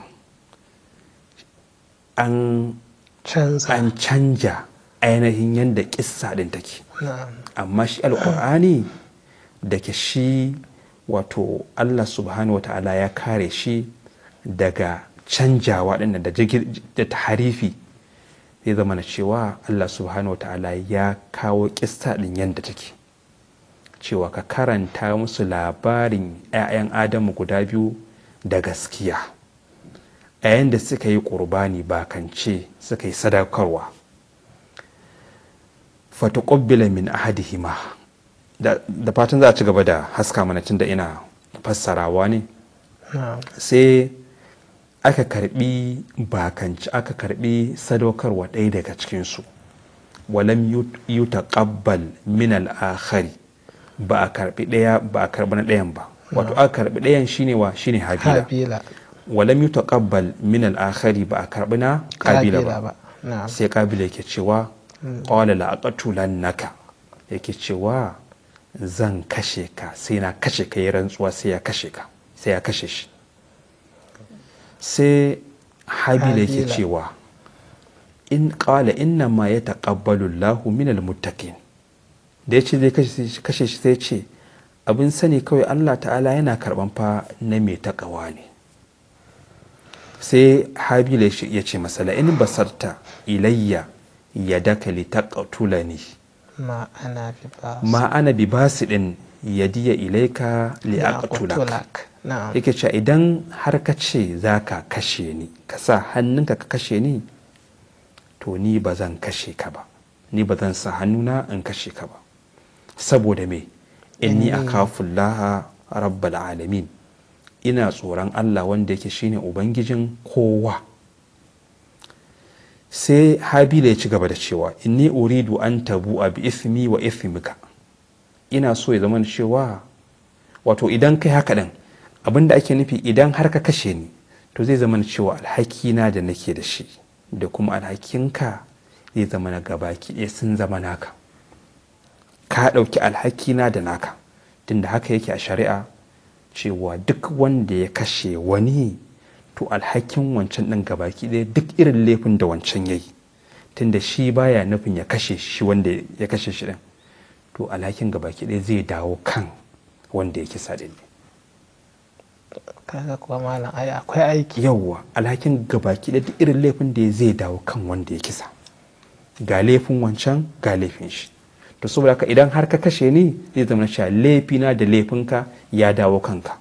an canja ainihin yadda ƙissa ɗin take amma shi alkur'ani da ke shi wato allah subhanahu wa ta'ala ya kare shi daga canjawa ɗin da da ta harifi zai zama na cewa allah subhanahu wa ta'ala ya kawo ƙista ɗin yadda take cewa ka karanta musu labarin 'ya'yan adamu guda biyu da gaskiya a yadda suka yi ƙurbani bakance suka yi sadakarwa fataƙobbila min ahadihima da fatan za a ci gaba da haska mana tun da ina fassarawa ne sai aka karbi bakanci aka karbi sadaukarwa ɗaya daga cikinsu walam ta ƙabbal min al'akari ba a karbi ɗaya ba a karbi na ɗayan ba wato aka karbi ɗayan shine wa shine habila walam yuta ƙabbal min al'akari ba a karbi na ƙabila ba sai ƙabila yake cewa mm. a ƙatulan naka yake cewa zan kashe ka sai na kashe ka yi rantsuwa sai ya kashe ka sai ya kashe shi sai habila yake cewa in ƙala inna ma ya taƙabbalu lahu min da ya ce zai kashe shi sai ce abin sani kawai allah ta'ala yana karɓan fa na mai taƙawa ne sai habila yace ce masala in basarta ilayya ya daka li taqtulani ma'ana bi yadi ya ilaika li aqtulak yake cewa idan har ka ce za ka kashe ni ka sa hannunka ka kashe ni to ni ba zan kashe ka ba ni ba zan sa hannuna in kashe ka ba saboda me inni akafullaha rabbal alamin ina tsoron Allah wanda yake shine ubangijin kowa sai habila ya ci gaba da cewa inni uridu an tabu a bi ismi wa ismika ina so ya zama cewa wato idan kai haka din abinda ake nufi idan har ka kashe ni to zai zama cewa alhakina da nake da shi da kuma alhakinka zai zama na gaba ki sun zama naka ka ɗauki alhakina da naka tunda haka yake a shari'a cewa duk wanda ya kashe wani to alhakin wancan ɗin gabaki ɗaya duk irin laifin da wancan ya yi tunda shi baya nufin ya kashe shi wanda ya kashe shi ɗin to alhakin gabaki ɗaya zai dawo kan wanda ya kisa ɗin kaga kuwa malam ai akwai aiki yawwa alhakin gabaki ɗaya duk irin laifin da zai dawo kan wanda ya kisa ga laifin wancan ga laifin shi to saboda haka idan har ka kashe ni zai zama cewa laifina da laifinka ya dawo kanka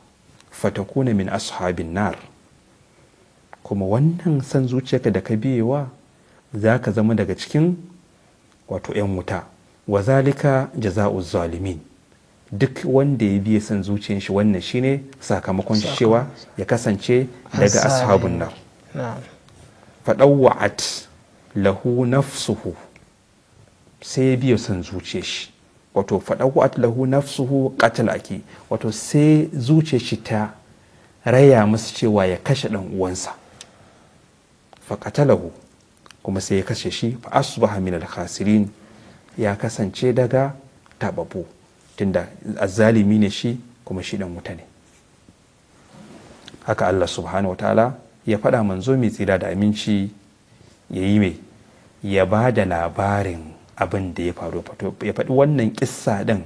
fatakuna min ashabin nar kuma wannan san zuciyarka da ka biyewa za ka zama daga cikin wato 'yan wuta wa zalika jaza'u zalimin duk wanda ya biye san zuciyar shi wannan shine sakamakon cewa ya kasance daga ashabun nan. fadawwa'at lahu nafsuhu sai ya biye san zuciyar shi wato fadawwa'at lahu nafsuhu qatlaki wato sai zuciyar shi ta raya musu cewa ya kashe ɗan uwansa faƙatalahu kuma sai ya kashe shi fa asbaha min al ya kasance daga tababu tunda azzalimi ne shi kuma shi dan wuta ne haka Allah subhanahu wa ta'ala ya faɗa manzo mai tsira da aminci ya yi mai ya ba da labarin abin da ya faru ya faɗi wannan kissa ɗin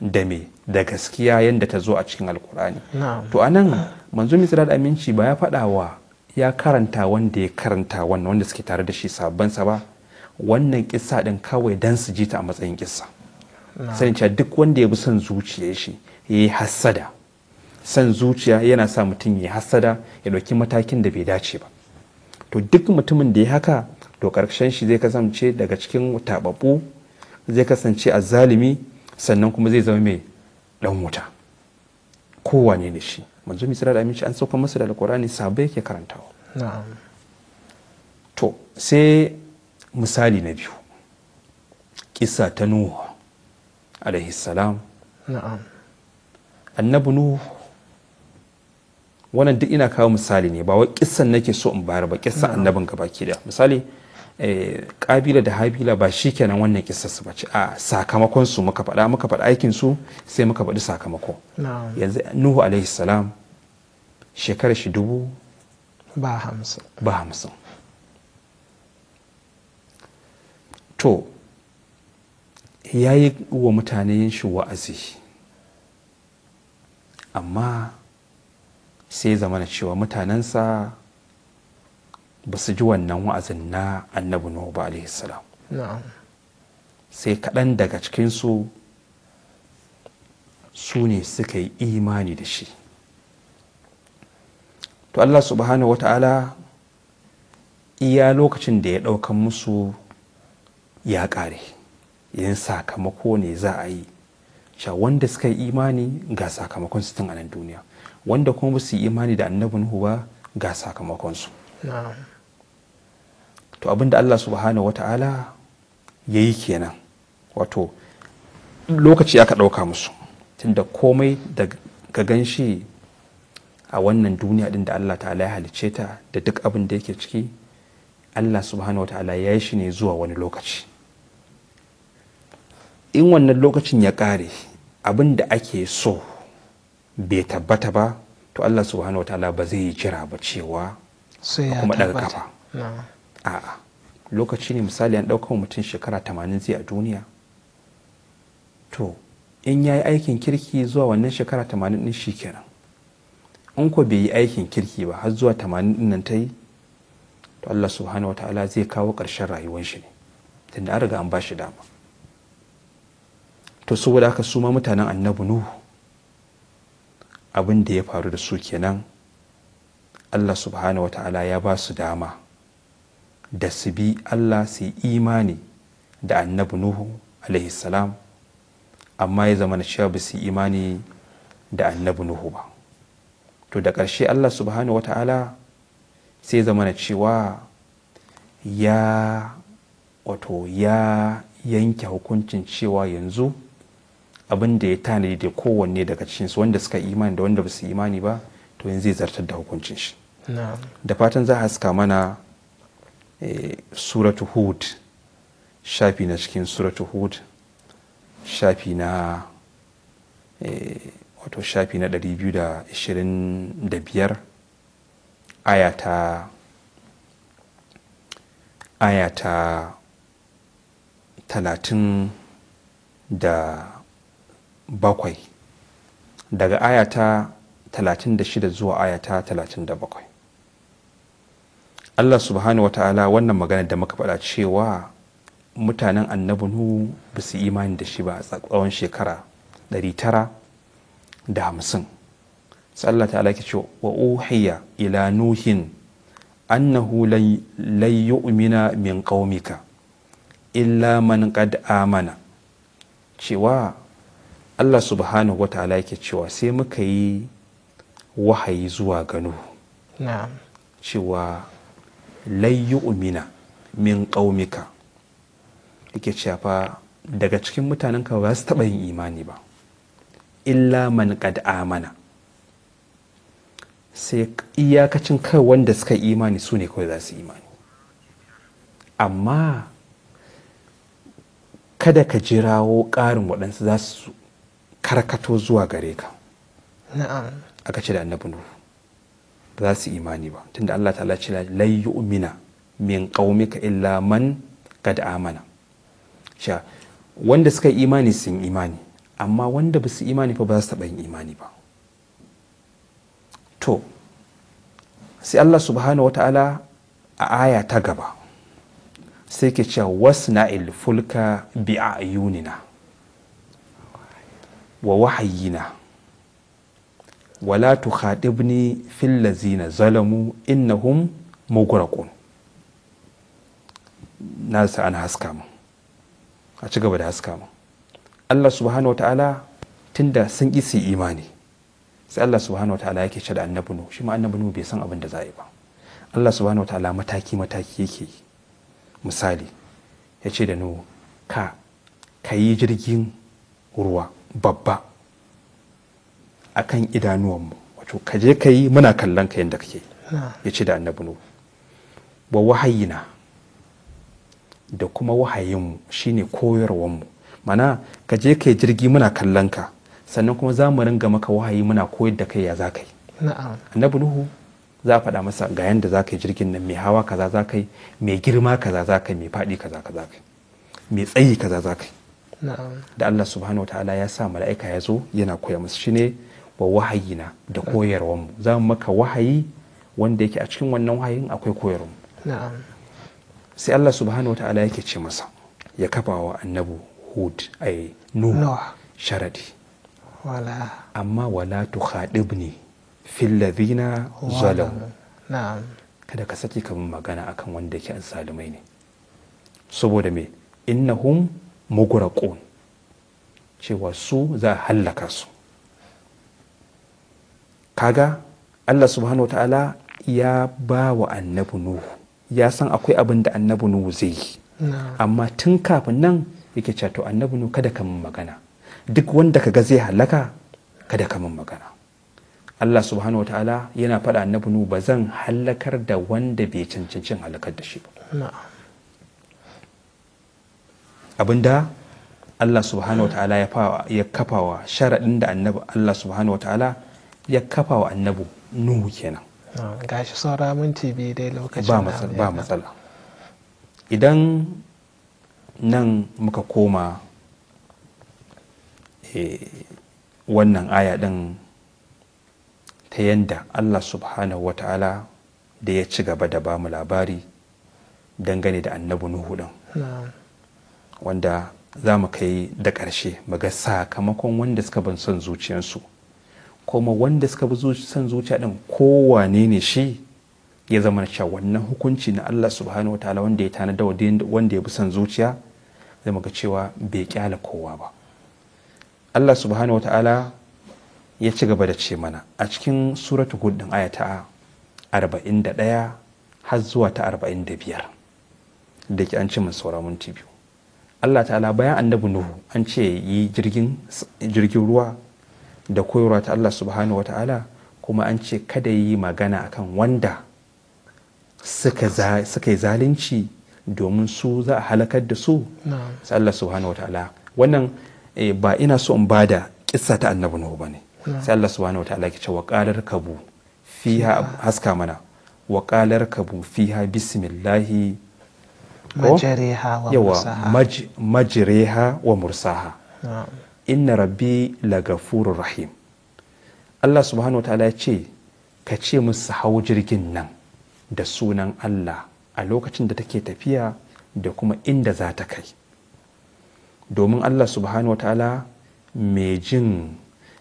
da me da gaskiya yadda ta zo a cikin alkurani to anan manzo mai tsira da aminci ba ya faɗa wa ya karanta wanda ya karanta wannan wanda suke tare da shi sabon sa ba wannan kissa din kawai dan su ji ta a matsayin kissa sanin cewa duk wanda ya bi son zuciya shi ya yi hassada son zuciya yana sa mutum ya yi hasada ya ɗauki matakin da bai dace ba to duk mutumin da ya haka to karshen shi zai kasance daga cikin taɓaɓɓu zai kasance a zalimi sannan kuma zai zama mai ɗan wuta kowane ne shi manzo misira da aminci an sauka masa da alkur'ani sabai yake karantawa to sai misali na biyu kisa ta nuhu alaihi salam annabi nuhu wannan duk ina kawo misali ne ba wai kissan nake so in bayar ba kissan annabin gaba ke da misali Eh, kabila da habila ba shi kenan wannan kisarsu ba ce a sakamakon su muka faɗa muka faɗa aikin su sai muka faɗi sakamako yanzu nuhu alaihi salam shekarar shi dubu ba hamsin to ya yi wa mutane yin shi wa'azi amma sai zamana cewa mutanensa ba su ji wannan wa'azin na annabi nuhu ba alaihi salam sai kaɗan daga cikinsu su ne suka yi imani da shi to allah subhanahu wa ta'ala iya lokacin da ya ɗaukan musu ya ƙare yin sakamako ne za a yi sha wanda suka yi imani ga sakamakon su tun a nan duniya wanda kuma su yi imani da nuhu ba ga sakamakonsu. to abinda Allah subhanahu wata'ala ya yi kenan wato lokaci aka ɗauka musu tunda komai da ka gan shi a wannan duniya din da Allah ta'ala ya halice ta da duk abin da yake ciki Allah subhanahu wata'ala ya yi shi ne zuwa wani lokaci in wannan lokacin ya ƙare abin da ake so bai tabbata ba to Allah subhanahu wata'ala ba zai jira ba cewa kuma daga kafa a'a lokaci ne misali an ɗaukar mutum shekara 80 zai a duniya to in ya yi aikin kirki zuwa wannan shekara 80 din shi kenan in ko bai yi aikin kirki ba har zuwa tamanin nan ta yi to Allah subhanahu wa ta'ala zai kawo ƙarshen rayuwar shi ne tunda an riga an ba shi dama to saboda haka su ma mutanen annabi nuhu abin da ya faru da su kenan Allah subhanahu wa ta'ala ya ba su dama da su bi Allah su yi imani da annabi Nuhu salam amma ya zama cewa ba su imani da annabi Nuhu ba to da ƙarshe Allah subhanahu wata'ala sai zama cewa ya wato ya yanke hukuncin cewa yanzu abin da ya tanadi da kowanne daga cikinsu wanda suka imani da wanda ba su imani ba to yanzu zai zartar da hukuncin shi da fatan za a haska mana suratu hud shafi na cikin suratu hud shafi na eh, wato shafi na 225 aya ta aya ta 37 daga aya ta 36 zuwa aya ta 37 Allah subhanahu wata'ala wannan magana da muka faɗa cewa mutanen annabi nu ba su imani da shi ba a tsawon shekara 950 sai Allah ta'ala ke ce wa uhiya ila nuhin annahu lan yu'mina min qaumika illa man qad amana cewa Allah subhanahu wata'ala yake cewa sai muka yi wahayi zuwa na'am cewa layu umina min ƙaumika yake cewa fa daga cikin mutanen ka ba su taɓa yin imani ba illa man qad amana sai iyakacin kai wanda suka imani su ne kawai za su imani amma kada ka jirawo ƙarin waɗansu za su karkato zuwa gare ka aka ce da annabi nuhu ba za su imani ba tunda Allah ta'ala ce la yu'mina min qaumika illa man kad amana sha wanda suka yi imani sun imani amma wanda ba su imani fa ba za su taɓa yin imani ba to sai Allah subhanahu wata'ala a aya ta gaba sai ke cewa wasna'il fulka bi ayunina wa wahayina wala tukhadibni fil lazina zalamu innahum mughraqun na sa an haska mu a ci gaba da haska mu Allah subhanahu wataala tunda sun isi imani sai Allah subhanahu wataala yake ce da annabi nu shi ma annabi bai san abin da za yi ba Allah subhanahu wataala mataki mataki yake misali ya ce da nu ka ka yi jirgin ruwa babba akan idanuwanmu wato ka je ka yi muna kallon ka yadda kake ah. ya ce da annabi nu wa wahayina da kuma wahayinmu shine koyarwanmu mana ka je ka yi jirgi muna kallon ka sannan kuma za mu ringa maka wahayi muna koyar da kai ya za ka yi annabi nuhu za faɗa masa ga yanda za ka yi jirgin nan mai hawa kaza za ka yi mai girma kaza za ka yi mai faɗi kaza kaza ka yi mai tsayi kaza za ka yi da Allah subhanahu wa ta'ala ya sa mala'ika ya zo yana koya musu shine wa wahayina da koyarwanmu za mu maka wahayi wanda yake a cikin wannan wahayin akwai koyarwanmu sai Allah subhanahu wa ta'ala yake ce masa ya kafa wa annabu hud ai sharadi amma wala khadibni fil ladhina zalamu kada ka saki kamar magana akan wanda yake salimai ne saboda me innahum mugraqun cewa su za a hallaka su kaga Allah subhanahu ta'ala ya ba wa annabi nuhu ya san akwai abin da annabi nuhu zai yi amma tun kafin nan yake cato annabi nuhu kada ka min magana duk wanda ka ga zai halaka kada ka min magana Allah subhanahu ta'ala yana faɗa annabi nuhu ba zan halakar da wanda bai cancancin halakar da shi ba abinda Allah subhanahu ta'ala ya kafawa sharaɗin da annabi Allah subhanahu ta'ala ya kafa wa annabu nuhu kenan ah, gashi saura minti biyu dai lokacin ba matsala idan nan muka koma eh, wannan aya ɗin ta yanda allah subhanahu ta'ala da ya ci gaba da ba mu labari dangane da annabu nuhu ɗin wanda za mu kai da ƙarshe ga sakamakon wanda suka ban son zuciyarsu kuma wanda suka bi son zuciya din kowane ne shi ya zama cewa wannan hukunci na Allah subhanahu wataala wanda ya tanada wanda ya bi son zuciya zama ga cewa bai kyala kowa ba Allah subhanahu wataala ya ci gaba da ce mana a cikin suratu hud din aya ta 41 har zuwa ta 45 da ke an ci min saura minti biyu Allah ta'ala bayan annabi Nuhu an ce yi jirgin ruwa da koyarwa ta Allah subhanahu wa ta'ala kuma an ce kada yi magana akan wanda suka yi zalunci domin su za a halakar da su sai Allah subhanahu wa ta'ala wannan eh, ba ina so in bada kissa ta annabi nuhu bane sai Allah subhanahu wa ta'ala ke ce wa qalar kabu fiha haska mana wa qalar kabu fiha bismillahi majriha wa mursaha inna rabbi lagafurur rahim Allah subhanahu wa ta'ala ya ce ka ce musu hau jirgin nan da sunan Allah a lokacin da take tafiya da kuma inda za ta kai domin Allah subhanahu wa ta'ala mai jin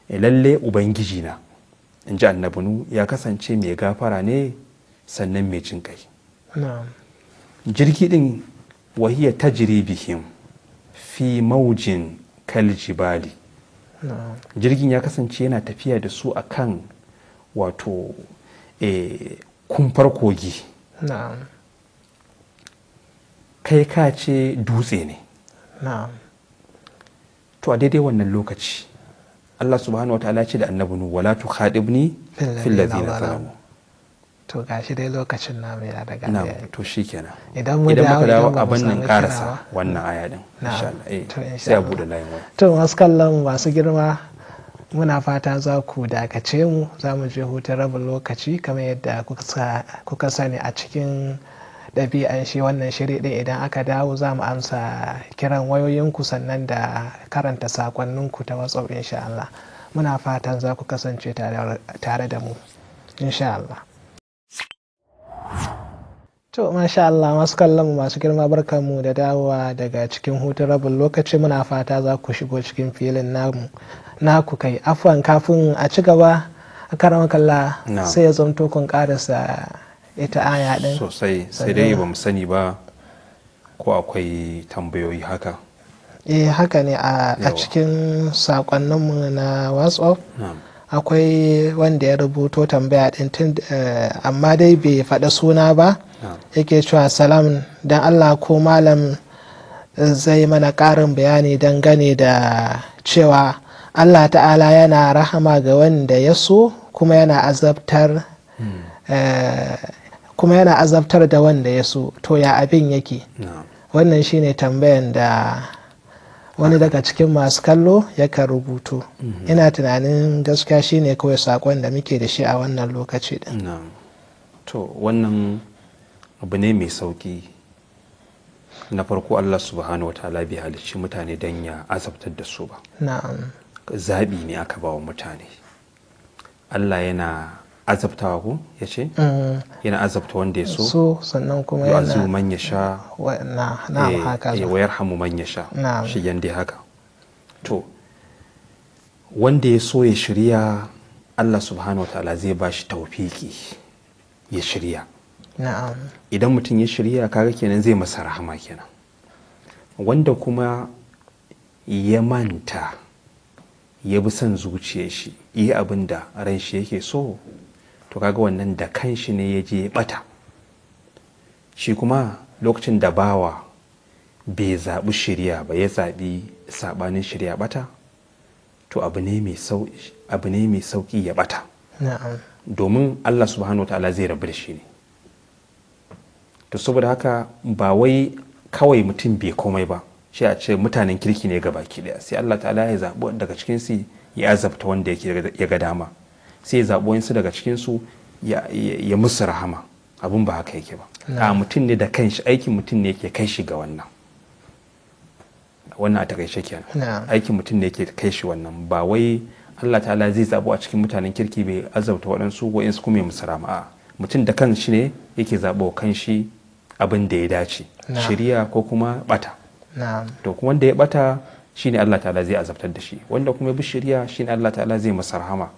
eh, lalle ubangiji na in ji Nu ya kasance mai gafara ne sannan mai jin kai jirgi din wahiya tajribihim fi maujin kaljibali jirgin ya kasance yana tafiya da su a kan wato eh, kumfar kogi kai ka ce dutse ne to a daidai wannan lokaci Allah subhanahu wa ta'ala ce da annabi wala khadibni fil ladina zalamu to gashi dai lokacin namu ya daga na to kenan idan mu dawo muka dawo abin nan karasa wannan aya din Allah eh, sai a bude layin wani. to masu kallon masu girma muna fata za ku dakace mu za mu je hutun rabin lokaci kamar yadda kuka sani a cikin ɗabi'an shi wannan shiri ɗin idan aka dawo za mu amsa kiran wayoyinku sannan da karanta sakonninku ta whatsapp insha Allah muna fatan za ku kasance tare da mu insha Allah To masha Allah masu kallon mu masu girma barka mu da dawowa daga cikin hutun rabin lokaci muna fata za ku shigo cikin filin na ku kai afwan kafin a ci gaba a karama kalla sai ya zamto kun karasa ita aya din sosai sai dai ba mu sani ba ko akwai tambayoyi haka eh haka ne a cikin sakonninmu na whatsapp akwai wanda ya rubuto tambaya din eh, amma dai bai faɗa suna ba yake cewa salam don allah ko malam zai mana ƙarin bayani dangane da cewa allah ta'ala yana rahama ga wanda ya so kuma yana azabtar hmm. eh, da wanda ya so to ya abin yake wannan shine tambayan da wani daga cikin masu kallo yakan rubutu hmm. ina tunanin gaskiya shine kawai sakon da muke da shi a wannan lokaci din to wannan abu ne mai sauƙi na farko Allah subhanahu wa ta'ala bi halicci mutane don ya azabtar da su ba na'am zaɓi ne aka ba wa mutane Allah yana azabtawa ku, ya ce mm. yana azabta wanda ya so sannan kuma yana yanzu man ya sha eh, haka ya eh, wayar hamu man ya sha shi yanda haka to wanda ya so ya shirya Allah subhanahu wa ta'ala zai ba shi taufiki ya shirya idan mutum ya shirya kaga kenan zai masa rahama kenan wanda kuma ya manta ya bi son zuciyar shi yi abin da ran shi yake so to kaga wannan da kan shi ne ya je ya bata shi kuma lokacin da bawa bai zaɓi shirya ba ya zaɓi saɓanin shirya bata to abu ne mai sauƙi ya bata domin allah subhanahu wa ta'ala zai rabu da shi ne to saboda haka ba wai kawai mutum bai komai ba shi a ce mutanen kirki ne baki daya sai Allah ta'ala ya zaɓi daga cikin su ya azabta wanda yake ya ga dama sai ya zaɓi wayansu daga cikin su ya musu rahama abun ba haka yake ba a mutum ne da kanshi aikin mutum ne yake kai shi ga wannan wannan a takaice kenan aikin mutum ne yake kai shi wannan ba wai Allah ta'ala zai zabo a cikin mutanen kirki bai azabta waɗansu wa'insu kuma ya musu rama mutum da kanshi ne yake zabo kanshi abin da ya dace Shirya ko kuma bata to kuma wanda ya bata shine Allah ta'ala zai azabtar da shi wanda kuma ya bi shirya shine Allah ta'ala zai masa rahama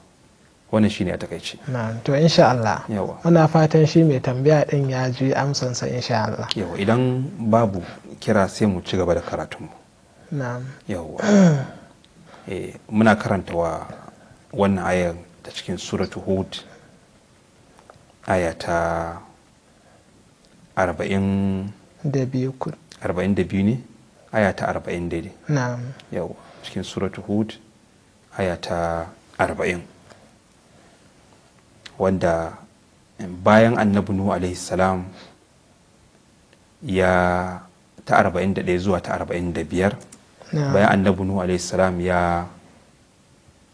wannan shine a takaice to insha Allah muna fatan shi mai tambaya din ya ji amsonsa insha Allah yawa idan babu kira sai mu ci gaba da karatunmu na'am yawa (clears throat) eh muna karantawa wannan ayar ta cikin suratul hud aya ta arba'in da biyu ne aya ta arba'in daidai na'am cikin suratu hud aya ta arba'in wanda bayan annabi nuhu alaihi salam ya ta arba'in da ɗaya zuwa ta arba'in da biyar bayan annabi nuhu alaihi salam ya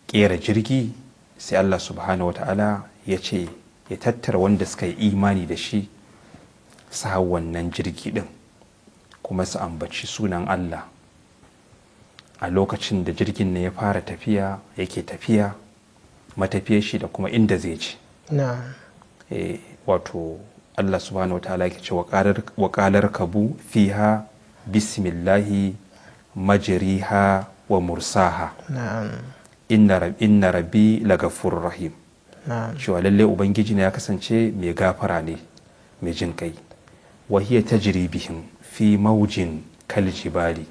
kera jirgi sai allah subhanahu wa ta'ala ya ce ya tattara wanda suka yi imani da shi sa wannan jirgi ɗin kuma su ambaci sunan Allah a lokacin da jirgin ne ya fara tafiya yake tafiya matafiyar shi da kuma inda zai ci eh, wato Allah subhanahu wa ta'ala ke ce waƙalar kabu fiha bismillahi majiriha wa mursaha inna rabi lagafur rahim cewa lallai ubangiji ne ya kasance mai gafara ne mai jin kai wa hiya tajri bihim fi maujin kaljibali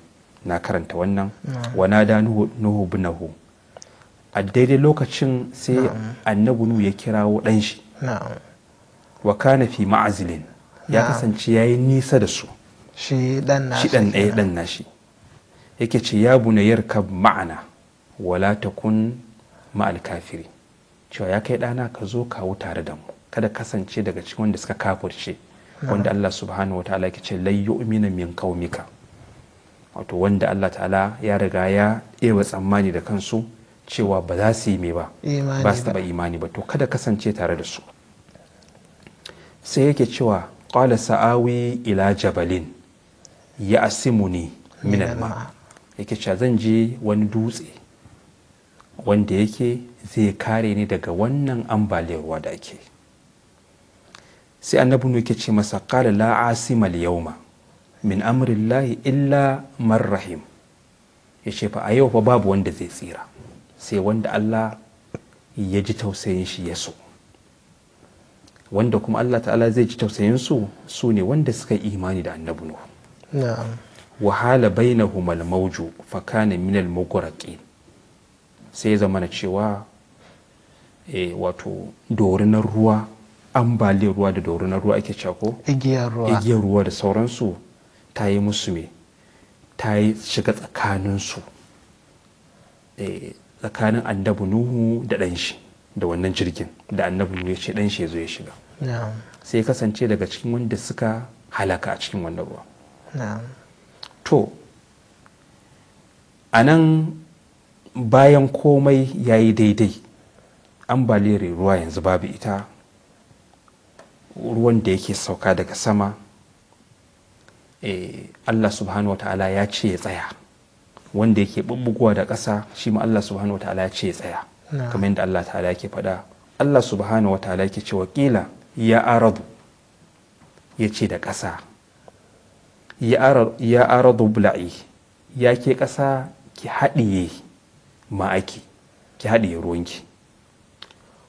na karanta wannan wa nada nuhu ibnahu a daidai lokacin sai annabi nuhu ya kirawo ɗanshi. shi wa kana fi ma'azilin ya kasance yi nisa da su shi dan ɗaya dan nashi yake ce ya 'yar ka ma'ana wala takun ma'al kafiri cewa ya kai ɗana ka zo kawo tare da mu kada kasance daga cikin wanda suka kafirce (laughs) wanda Allah subhanahu ta'ala ke ce la min kaumika wato wanda Allah ta'ala ya riga ya ewa tsammani da kansu cewa ba za su yi me ba ba su taba imani ba to kada kasance tare da su sai yake cewa qala sa'awi ila jabalin ya asimuni min alma yake cewa zan je wani dutse wanda yake zai kare ni daga wannan ambaliyar ruwa da ake sai annabi yake ce masa qala la asima yauma min amrillahi illa man rahim ya ce fa a yau fa babu wanda zai tsira sai wanda Allah ya ji tausayin shi ya so wanda kuma Allah ta'ala zai ji tausayin su su ne wanda suka yi imani da annabi Nuhu na'am wahala bainahum al-mawju fa kana min al-mughraqin sai ya zama eh cewa wato dorinar ruwa ambaliyar ruwa da na ruwa ake cako igiyar ruwa da sauransu ta yi musu me ta yi shiga tsakaninsu eh, tsakanin annabi nuhu da danshi da wannan jirgin da annabi nuhu ya ce danshi ya zo ya shiga sai kasance daga cikin wanda suka halaka a cikin wannan ruwa to a nan bayan komai ya yi daidai ambaliyar ruwa yanzu babu ita ruwan da yake sauka daga sama eh, Allah subhanahu wata'ala ya ce ya tsaya wanda yake bubbugowa da ƙasa shi ma Allah subhanahu wata'ala ya ce ya tsaya kamar yadda Allah ta'ala yake faɗa Allah subhanahu wata'ala yake cewa waƙila ya aradu ya ce da ƙasa ya aradu bula'i ya ke ƙasa ki haɗiye ma'aki ki haɗiye ruwanki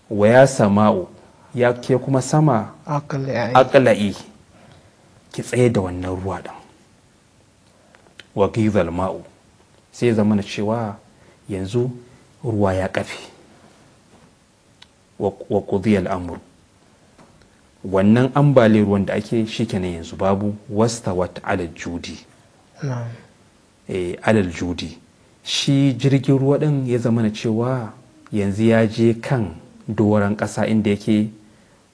wa ya sama'u ya ke kuma sama akala'i ki tsaye da wannan ruwa ɗin wa gizal ma'u sai zama na cewa yanzu ruwa ya ƙafe wa kudiyar amur wannan ambaliyar ruwan da ake shi kenan yanzu babu wasta wata alal judi eh, alal judi shi jirgin ruwa ɗin ya zama na cewa yanzu ya je kan doron ƙasa inda yake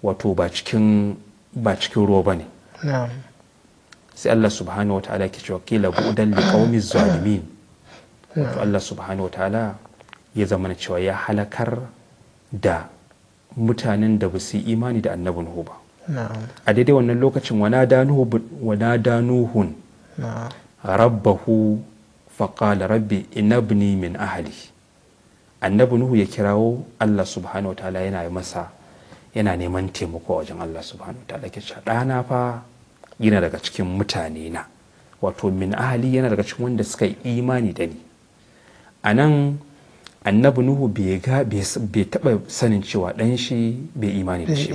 wato ba cikin ba cikin ruwa ba ne sai Allah subhanahu ta'ala ke cewa kila bu'dan li qaumi zalimin wato Allah subhanahu ta'ala ya zama cewa ya halakar da mutanen da ba su imani da annabin ba a daidai wannan lokacin wana nuhun rabbahu faƙala rabbi inabni min ahali annabi nuhu ya kirawo allah subhanahu wa ta'ala yana masa yana neman taimako a wajen Allah subhanahu wa ta'ala ke ɗana fa yana daga cikin mutane na wato min ahali yana daga cikin wanda suka yi imani da ni a nan annabi nuhu bai taɓa sanin cewa ɗan shi bai imani da shi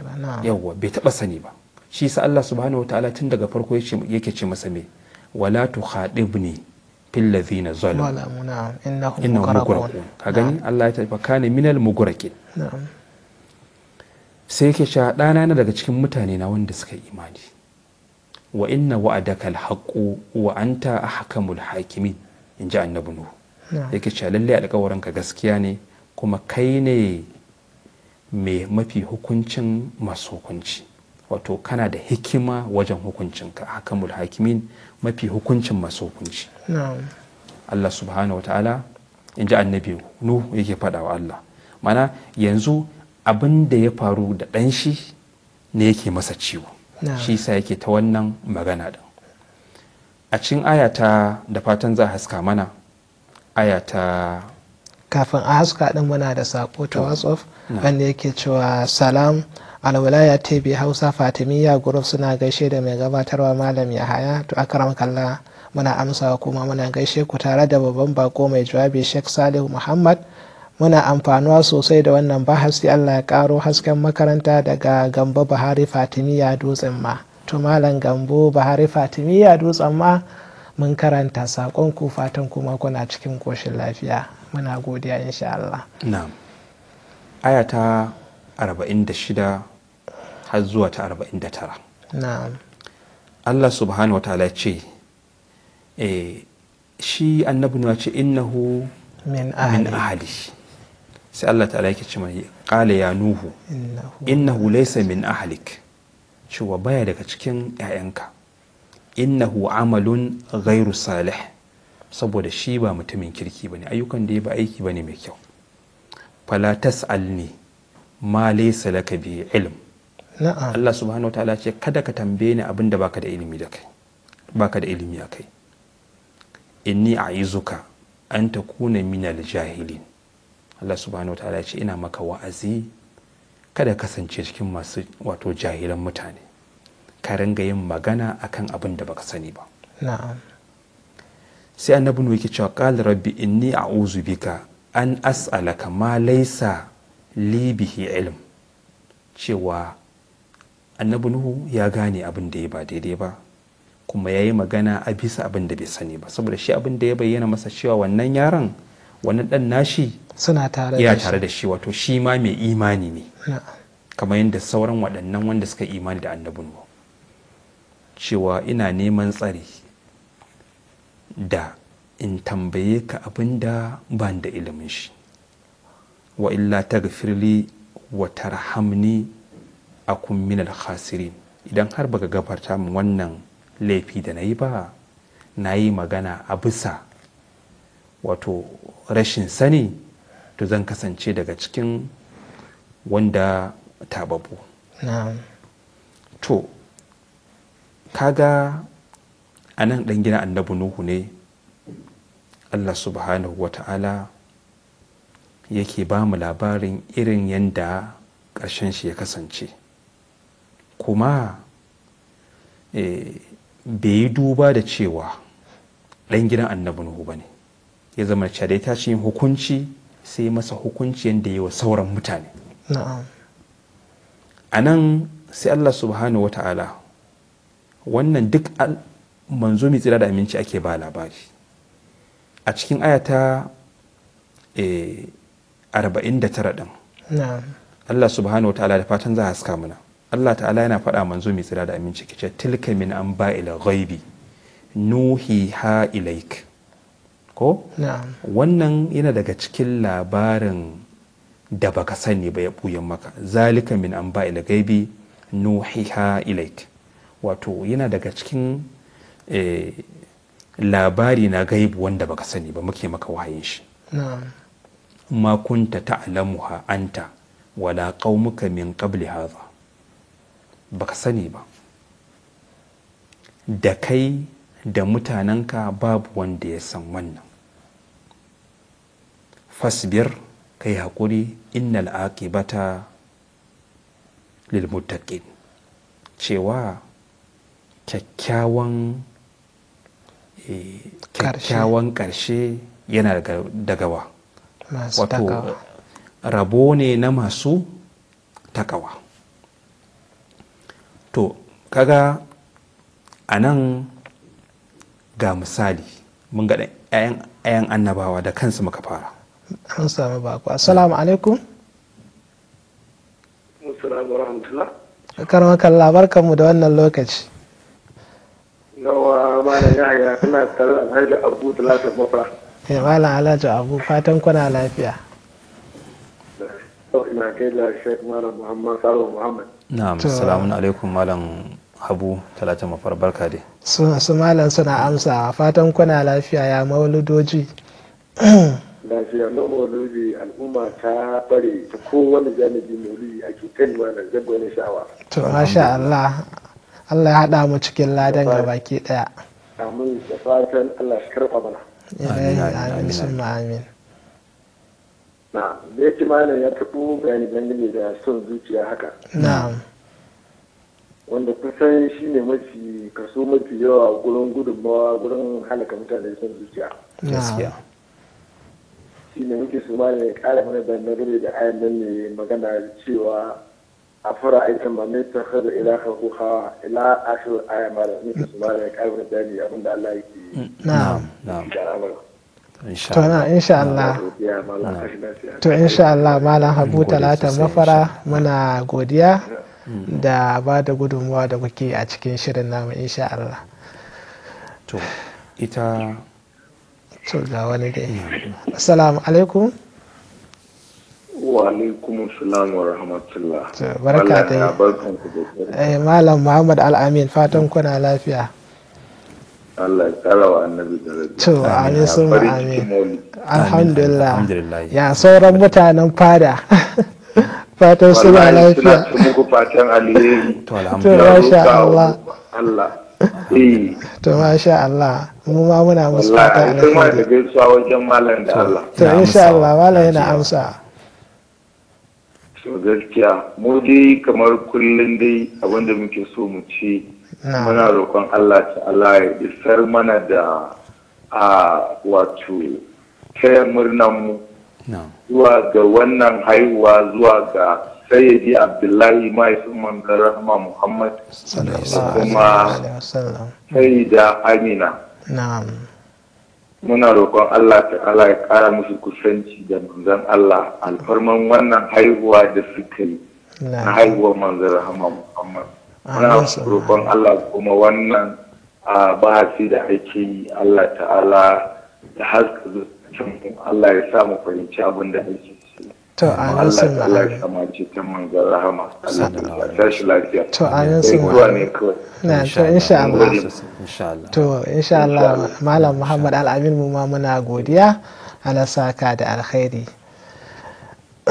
ba yawwa bai taɓa sani ba shi sa Allah subhanahu wa ta'ala tun daga farko yake ce masa me wala tu khadibni fil ladhina zalamu innahum mugraqun ka gani Allah ya tafi kana minal mugraqin sai yake cewa ɗana na daga cikin mutane na wanda suka imani wa inna wa'adaka alhaqu wa anta ahkamul hakimin in ji annabi nuhu yake cewa lalle alƙawarin ka gaskiya ne kuma kai ne mai mafi hukuncin masu hukunci wato kana da hikima wajen hukuncin hukuncinka hakamul hakimin mafi hukuncin masu hukunci Allah subhanahu wa ta'ala in ji annabi nuhu yake faɗa wa Allah mana yanzu abin da ya faru da ɗan shi ne yake masa ciwo shi sa yake ta wannan magana ɗin a cin ayata da fatan za a haska mana ayata kafin a haska ɗin muna da saƙo ta whatsapp wanda yake cewa salam alwalaya tv hausa fatimiyya group suna gaishe da mai gabatarwa malam yahaya to akram kalla muna amsa kuma muna gaishe ku tare da babban bako mai jawabi sheikh salihu muhammad muna amfanuwa sosai da wannan bahasi allah ya karo hasken makaranta daga gambo bahari fatimiyya dutsen ma to malam gambo bahari fatimiyya dutsen ma mun karanta sakon ku fatan kuma kuna cikin koshin lafiya muna godiya insha allah na'am aya ta 46 har zuwa ta 49 na'am allah subhanahu wa ta'ala ce eh, shi annabi ne ce innahu min ahali sai Allah ta yake ce mai qala ya nuhu innahu laysa min ahlik cewa baya daga cikin 'ya'yanka innahu amalun ghairu salih saboda shi ba mutumin kirki ba ne, ayyukan da ya ba aiki bane mai kyau fala tas'alni ma laysa laka bi ilm Allah subhanahu wataala ce kada ka tambaye ni abin da baka da ilimi da kai baka da ilimi a kai inni a'izuka an takuna minal jahilin Allah subhanahu wa ya ce ina maka wa'azi kada kasance cikin masu wato jahilan mutane ka ringa yin magana akan abin da baka sani ba na'am sai annabi ne yake cewa qala rabbi inni a'uzu bika an as'alaka ma laysa li bihi ilm cewa annabi nuhu ya gane abin da ya ba daidai ba kuma ya yi magana a bisa abin da bai sani ba saboda shi abin da ya bayyana masa cewa wannan yaron wannan dan nashi suna tare da tare da shi wato shi ma mai imani ne kamar yadda sauran waɗannan wanda suka imani da annabin cewa ina neman tsari da in tambaye ka abin da ba da ilimin shi wa illa gafirli wa tarhamni a minal khasirin idan har baka gafarta min wannan laifi da na yi ba na yi magana a bisa wato rashin sani to zan kasance daga cikin wanda tababu to kaga a nan ɗan gina annabi nuhu ne allah subhanahu wa ta'ala yake ba mu labarin irin yadda ƙarshen shi ya kasance kuma eh, bai yi duba da cewa ɗan gidan annabi nuhu ba ne ya zama cewa ta yin hukunci sai masa hukunciyar da yi wa sauran mutane a nan sai allah subhanahu wa ta'ala wannan duk manzo mai tsira da aminci ake ba labari a cikin ayata 49 din allah subhanahu wa ta'ala da fatan za a haska mana allah ta'ala yana faɗa manzo mai tsira da aminci kice tilka min an ba ila ghaibi nuhi ha ilaik ko wannan yana daga cikin labarin da baka sani ba ya ɓuyan maka zalika min an ba'il gaibi nuhiha ilaik wato yana daga cikin eh, labari na gaibu wanda baka sani ba muke maka wahayin shi ma kunta ta'lamuha anta wala qaumuka min qabli hadha baka sani ba da kai da mutanenka babu wanda ya san wannan fasbir yi haƙuri innal aqibata lil muttaqin cewa kyakkyawan eh, kyakkyawan ƙarshe yana wa wato rabo ne na masu takawa to kaga a nan ga misali mun ga ayan annabawa da kansu muka fara an samu bako assalamu alaikum assalamu rahmatullah karma kalla barkanmu da wannan lokaci yawa mana yaya ina tare da alhaji abu talata mafra ya eh, mala alhaji abu fatan kuna lafiya Na kai da shek malam muhammad salo muhammad na'am assalamu alaikum malam habu talatin mafar barka dai su su malam suna amsa fatan kuna lafiya ya mauludoji lafiya na mauludi al'umma ta bare ta kowane janibi mauludi ake kan malam zan ne sha'awa to masha Allah Allah ya haɗa mu cikin ladan ga baki ɗaya amin da fatan Allah shi karɓa mana amin sun amin na da yake malam ya taɓo gani dangane da son zuciya haka na'am wanda kusan shi ne mafi kaso mafi yawa gurin gudunmawa gurin halaka mutane sun zuciya gaskiya shi ne muke su ma ne kare mana bayanai da ayan nan ne magana cewa a fara aikin ba mai ta hada ila ka ko hawa ila ashir aya ma da muke su ma ne kare mana da abin da Allah yake na'am to na insha Allah to insha Allah malam Habu Talata Mafara muna godiya da ba da gudunmuwa da kuke a cikin shirin namu insha Allah to ita to ga wani dai assalamu alaikum wa alaikum assalam wa rahmatullah barka dai eh, malam muhammad al-amin fatan kuna lafiya Allah ya kara wa annabi To, amin sun amin. Alhamdulillah. Ya sauran mutanen fada. (laughs) fatan suna lafiya muku fatan alheri to masha Allah Allah eh. to masha Allah mu ma muna musu fatan alheri wallahi da gaisuwa wajen malam da Allah to insha Allah malam yana amsa to gaskiya mu dai kamar kullum dai abinda muke so mu ci, muna roƙon Allah Allah ya isar mana da a wato kayan murnan mu zuwa ga wannan haihuwa zuwa ga sayyidi abdullahi mahaifin manzan rahama muhammad kuma sayyida amina muna roƙon Allah ala ya ƙara musu kusanci da manzan Allah alfarman wannan haihuwa da suka yi na haihuwar manzan rahama muhammad muna roƙon Allah kuma wannan a ah, ba da ake yi Allah ta'ala ya haska cikin Allah ya sa mu fahimci abin da ake to a yin sun Allah ya sama cikin manzan rahama Allah ya tashi lafiya to amin sun ne na to insha Allah to insha Allah malam Muhammad Al-Amin mu ma muna godiya ala saka da alkhairi (clears throat)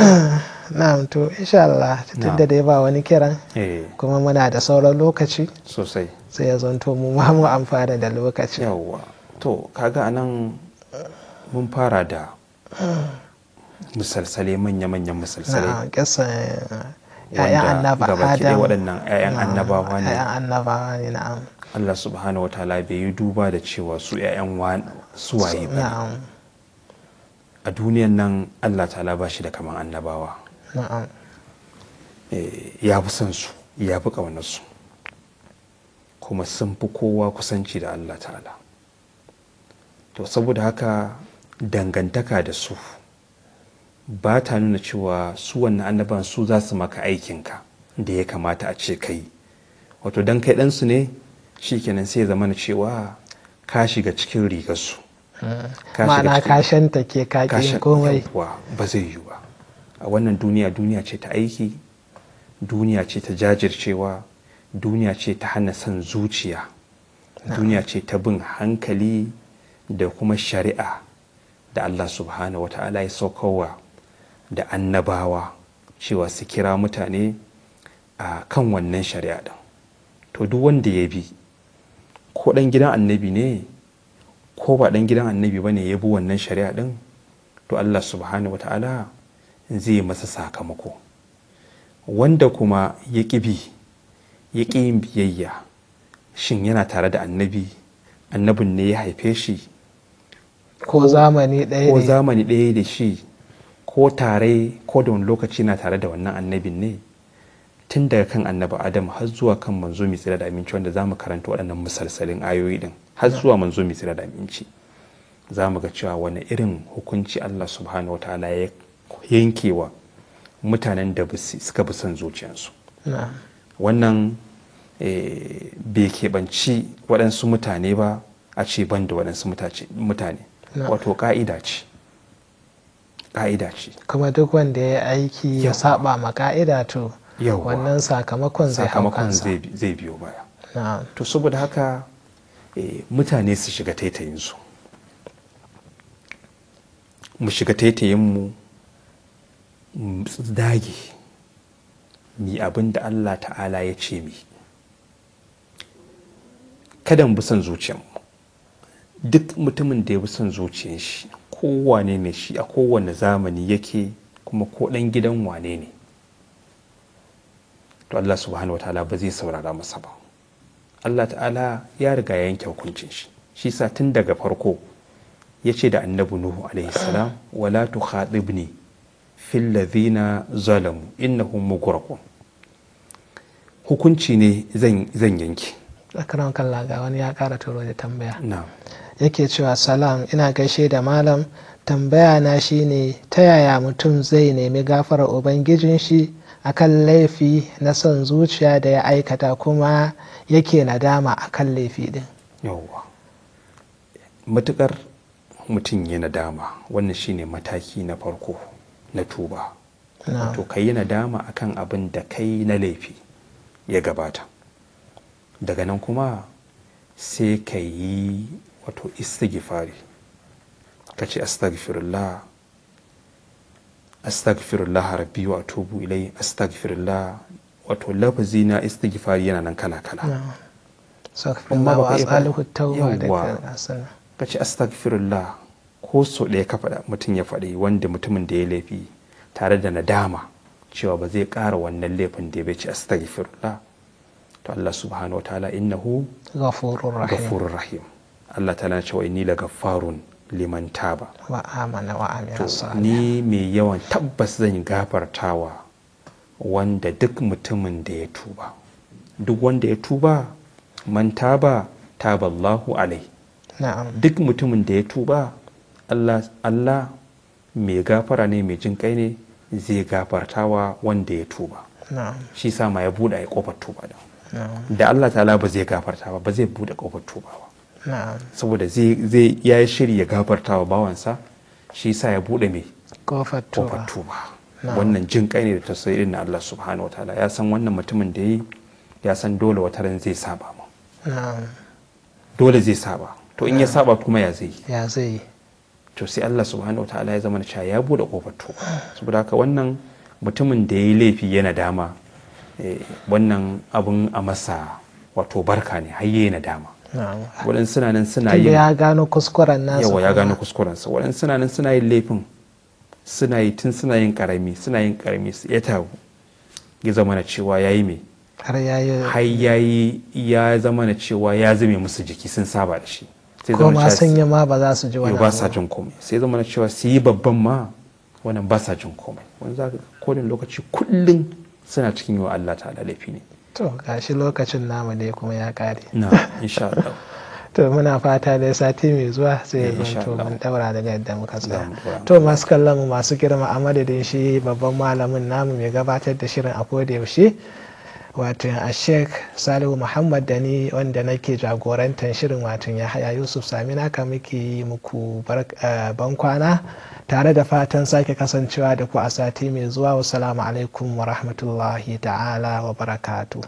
na'am to insha Allah tun da dai ba wani kiran eh. kuma muna da sauran lokaci sosai sai ya zonto mu ma mu amfana da lokaci yawwa to kaga anan mun fara da misalsalai manya-manyan misalsalai ah, ‘ya'yan annaba adam waɗannan ‘ya'yan ah, annabawa ne annabawa ne na'am Allah subhanahu wataala bai yi duba da cewa su ‘ya'yan suwaye ba a duniyan nan Allah ta'ala ba shi da kaman annabawa na'am eh, ya fi son su ya fi ƙaunar su kuma sun fi kowa kusanci da Allah ta'ala to saboda haka dangantaka da su ba ta nuna cewa su wannan annaban su za su maka aikinka da ya kamata a ce kai wato don kai ɗansu ne shi kenan sai zama na cewa ka shiga cikin rigarsu ma'ana kashenta ke kaƙi komai ba zai yi ba a wannan duniya duniya ce ta aiki duniya ce ta jajircewa duniya ce ta hana san zuciya duniya ce ta bin hankali da kuma shari'a da Allah subhanahu ta'ala ya saukowa da annabawa cewa su kira mutane a kan wannan shari'a ɗin to duk wanda ya bi ko ɗan gidan annabi ne ko ba ɗan gidan annabi ba ne ya bi wannan shari'a ɗin to Allah subhanahu ta'ala zai masa sakamako wanda kuma ya ƙibi ya ƙi yin biyayya shin yana tare da annabi annabin ne ya haife shi ko zamani ɗaya ko zamani ɗaya da shi ko tare ko da wani lokaci na tare da wannan annabin ne tun daga kan annabi adam har zuwa kan manzo mai tsira da aminci wanda zamu karanta waɗannan musalsalin ayoyi din har zuwa manzo mai tsira da aminci za mu ga cewa wani irin hukunci Allah subhanahu wataala ya yankewa mutanen da suka bi son zuciyarsu wannan eh, bai keɓanci waɗansu mutane ba a ce ban da waɗansu mutane wato ka'ida ce ka'ida ce kuma duk wanda ya aiki ya saba ma ka'ida to wannan sakamakon zai sakamakon zai biyo baya to saboda haka eh, mutane su shiga taitayinsu mu shiga taitayin mu dage mi abin da allah ta'ala ya ce mi kada mu bi son zuciyarmu duk mutumin da ya bi son zuciyar shi kowane ne shi a kowane zamani yake kuma ko ɗan gidan wane ne to Allah subhanahu wataala ba zai saurara masa ba Allah ta'ala ya riga yanke hukuncin shi shi sa tun daga farko ya ce da annabi nuhu alaihi salam wala tukhadibni fil ladhina zalamu innahum mughraqun hukunci ne zan yanke tsakanin kalla ga wani ya kara turo da tambaya yake cewa salam ina gaishe da malam tambaya na shine ta yaya mutum zai nemi gafarar ubangijin shi akan laifi na son zuciya da ya aikata kuma yake nadama akan laifi din yawwa matukar mutum ya nadama wannan shine mataki na farko na tuba to kai yi nadama akan abin da kai na laifi ya gabata daga nan kuma sai ka yi wato istighfari ka ce astaghfirullah astaghfirullah rabbi wa atubu ilai astaghfirullah wato lafazi na istighfari yana nan kala kala amma ba ka ba ka ce astaghfirullah ko so ɗaya ka faɗa mutum ya faɗi wanda mutumin da ya laifi tare da nadama cewa ba zai ƙara wannan laifin da ya bai ci astaghfirullah to Allah subhanahu wa ta'ala innahu ghafurur rahim Allah ta ce wa ni la gaffarun liman taba wa amana wa amina ni mai yawan tabbas zan gafartawa wanda duk mutumin da ya tuba duk wanda ya tuba man ba taballahu alai na'am duk mutumin da ya tuba Allah mai gafara ne mai jin kai ne zai gafartawa wanda ya tuba shi sa ma ya buɗe ya kofar tuba da Allah ta ba zai gafarta ba ba zai buɗe ƙofar tuba ba saboda zai ya yi shiri ya gafarta wa bawansa shi sa ya bude mai kofar ba wannan jin kai ne da sai na Allah subhanahu wataala ya san wannan mutumin da yi ya san dole wata ran zai saba mu dole zai saba to in ya saba kuma ya zai ya zai to sai Allah subhanahu wataala ya zama cewa ya bude kofar saboda haka wannan mutumin da yi laifi yana dama eh, wannan abun a masa wato barka ne har yayi nadama waɗansu suna nan suna yin ya gano kuskuren nasu yawa ya gano kuskuren su waɗansu suna nan suna yin laifin suna yi tun suna yin karami suna yin karami su ya tawo ya zama na cewa ya yi mai har yayi ya zama na cewa ya zame musu jiki sun saba da shi ko zama ma sanya ma ba za su ji wani ba sa jin komai sai zama na cewa su yi babban ma wannan ba sa jin komai wani za ka kodin lokaci kullum suna cikin wa Allah ta'ala laifi ne to gashi lokacin namu ne kuma ya kare na (laughs) to muna fata da sati mai zuwa sai ya to mun daura daga yadda muka tsaya to masu kallon mu masu girma a madadin shi babban malamin namu mai gabatar da shirin a koda yaushe wato a sheik salihu muhammad da ni wanda nake jagorantar shirin wato ya haya yusuf samina ka muke yi muku bankwana tare da fatan sake kasancewa da ku a sati mai zuwa wasu alaikum wa rahmatullahi ta'ala wa barakatu.